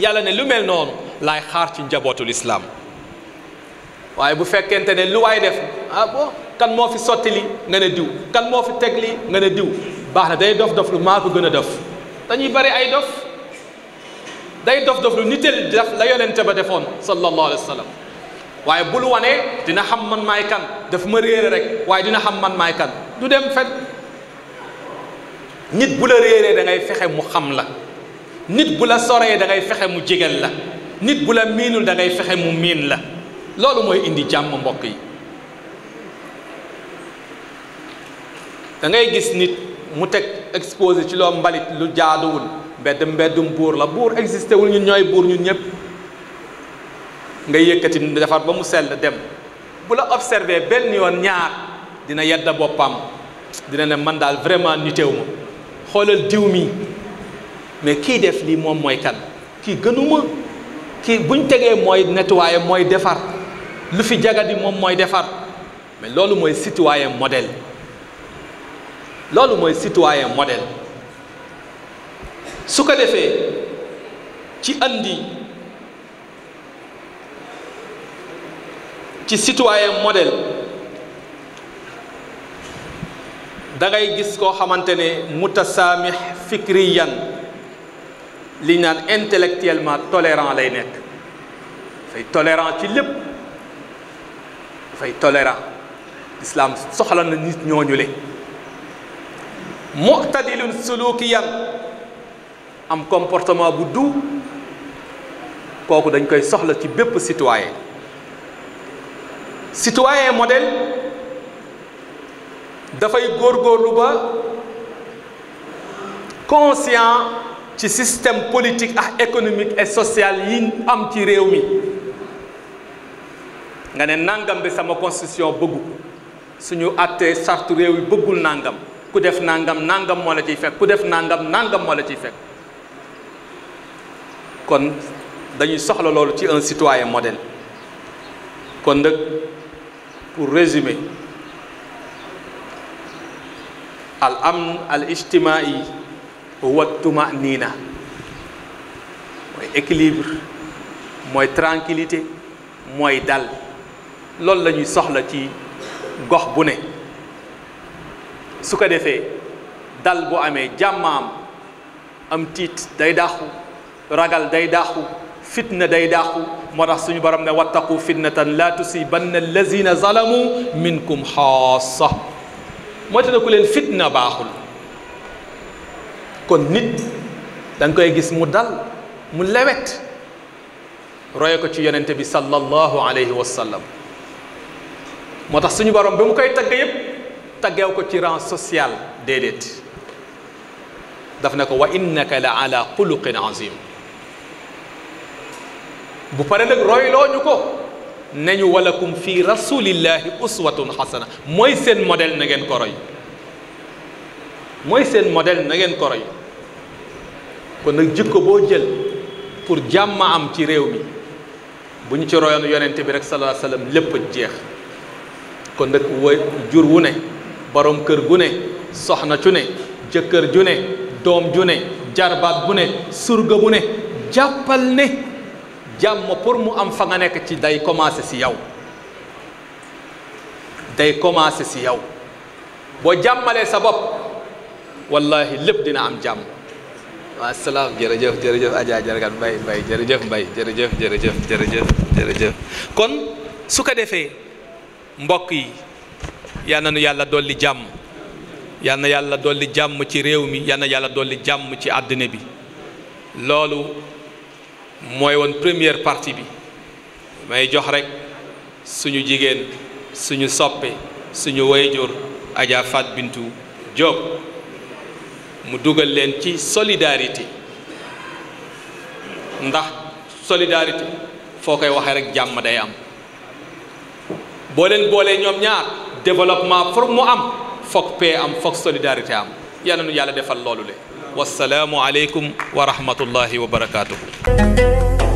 yàlla ne lu mel noonu laay xaar ci njabootul islaam waaye bu fekkente ne lu waaye def ah bon kan moo fi sotti li nga ne diw kan moo fi teg li nga ne diw baxna day dof dof lu mako gëna dof dañuy bari ay dof day dof dof lu nitel def la yonente ba defon sallallahu alayhi wasallam waye bu lu wane dina xam man may kan daf ma réré rek waye dina xam man may kan du dem fet nit bu la réré da ngay fexe mu xam la nit bu la soré da ngay fexe mu jégal la nit bu la minul da ngay fexe mu min la lolu moy indi jam mbokk yi da ngay gis nit mu teg exposé ci loo mbalit lu jaaduwul mbedd mbeddum bour la bour existé wul ñun ñoy bour ñun ñep nga yëkkati defar ba mu sel dem bu la observer, benn yoon ñaar dina yedda bopam dina ne man dal vraiment niteew ma xoolal mi mais ki def li mom moy kan ki gënuma ki buñ tegee moy nettoyer moy defar lu fi jagadi mom moy defar mais lolu moy citoyen modèle loolu mooy citoyen model su ko defee ci andi ci citoyen model da ngay gis koo xamante ne mutasaamih fikriyan li naan intellectuellement tolérant lay nekk dafay tolérant ci lépp dafay tolérant l'islam soxla na nit ñooñu le mu'tadilun sulukiyan am comportement bu du kooku dañ koy soxla ci bépp citoyen citoyen modèle dafay góorgóorlu ba conscient ci système politique ak économique et social yi am ci réew mi nga ne nangam bi sama constitution bëggu suñu àttee charte réew yi bëggul nangam ku def nangam nangam mo la ci fek ku def nangam nangam mo la ci fek kon dañuy soxla lolu ci un citoyen modèle kon nak pour résumer al amn al ijtimai huwa tumanina moy équilibre moy tranquillité moy dal lolu lañuy soxla ci gox bu ne su ko defee dal bu amee jàmmaam am tiit day dàqu ragal day dàqu fitna day dàqu moo tax suñu borom ne wattaqu fitnatan la tusiban allazina zalamu minkum xaasa moo tax ku leen fitna baaxul kon nit da nga koy gis mu dal mu lewet roy ko ci yonente bi sallallahu alayhi wa sallam moo tax suñu borom ba mu koy tagg yépp تجاو كتيران سوسيال ديدت دفنك وإنك لعلى خلق عظيم بفرنك روي لو نيكو نيو ولكم في رسول الله أسوة حسنة موي سين موديل نغن كوري موي سين موديل نغن كوري كون جيكو بو جيل pour jamma am ci rew mi buñ ci royon yonent bi rek sallallahu alayhi wasallam lepp jeex kon nak jur wu ne borom kër gu ne soxna cu ne jëkkër ju ne doom ju ne jarbaat bu ne surga bu ne jàppal ne jàmm pour mu am fa nga nekk ci day commencé si yow day commencé si yow boo jàmmalee sa bopp wallahi lépp dina am jàmm waa salaam jërëjëf jërëjëf Adja Jargat Mbay Mbay jërëjëf Mbay jërëjëf jërëjëf jërëjëf jërëjëf kon su ko defee mbokk yi yal na nu yàlla dolli jàmm yal na yàlla dolli jàmm ci réew mi yal na yàlla dolli jàmm ci àddina bi loolu mooy woon première partie bi may jox rekk suñu jigéen suñu soppe suñu wayjur Adja Fat Bintou mu dugal leen ci solidarité ndax solidarité foo koy waxee rekk jàmm day am boo leen boolee ñoom ñaar développement pour mu am foog paix am foog solidarité am yal na nu yàlla defal loolu le wasalaamu aleykum wa rahmatullahi wa barakaatuhu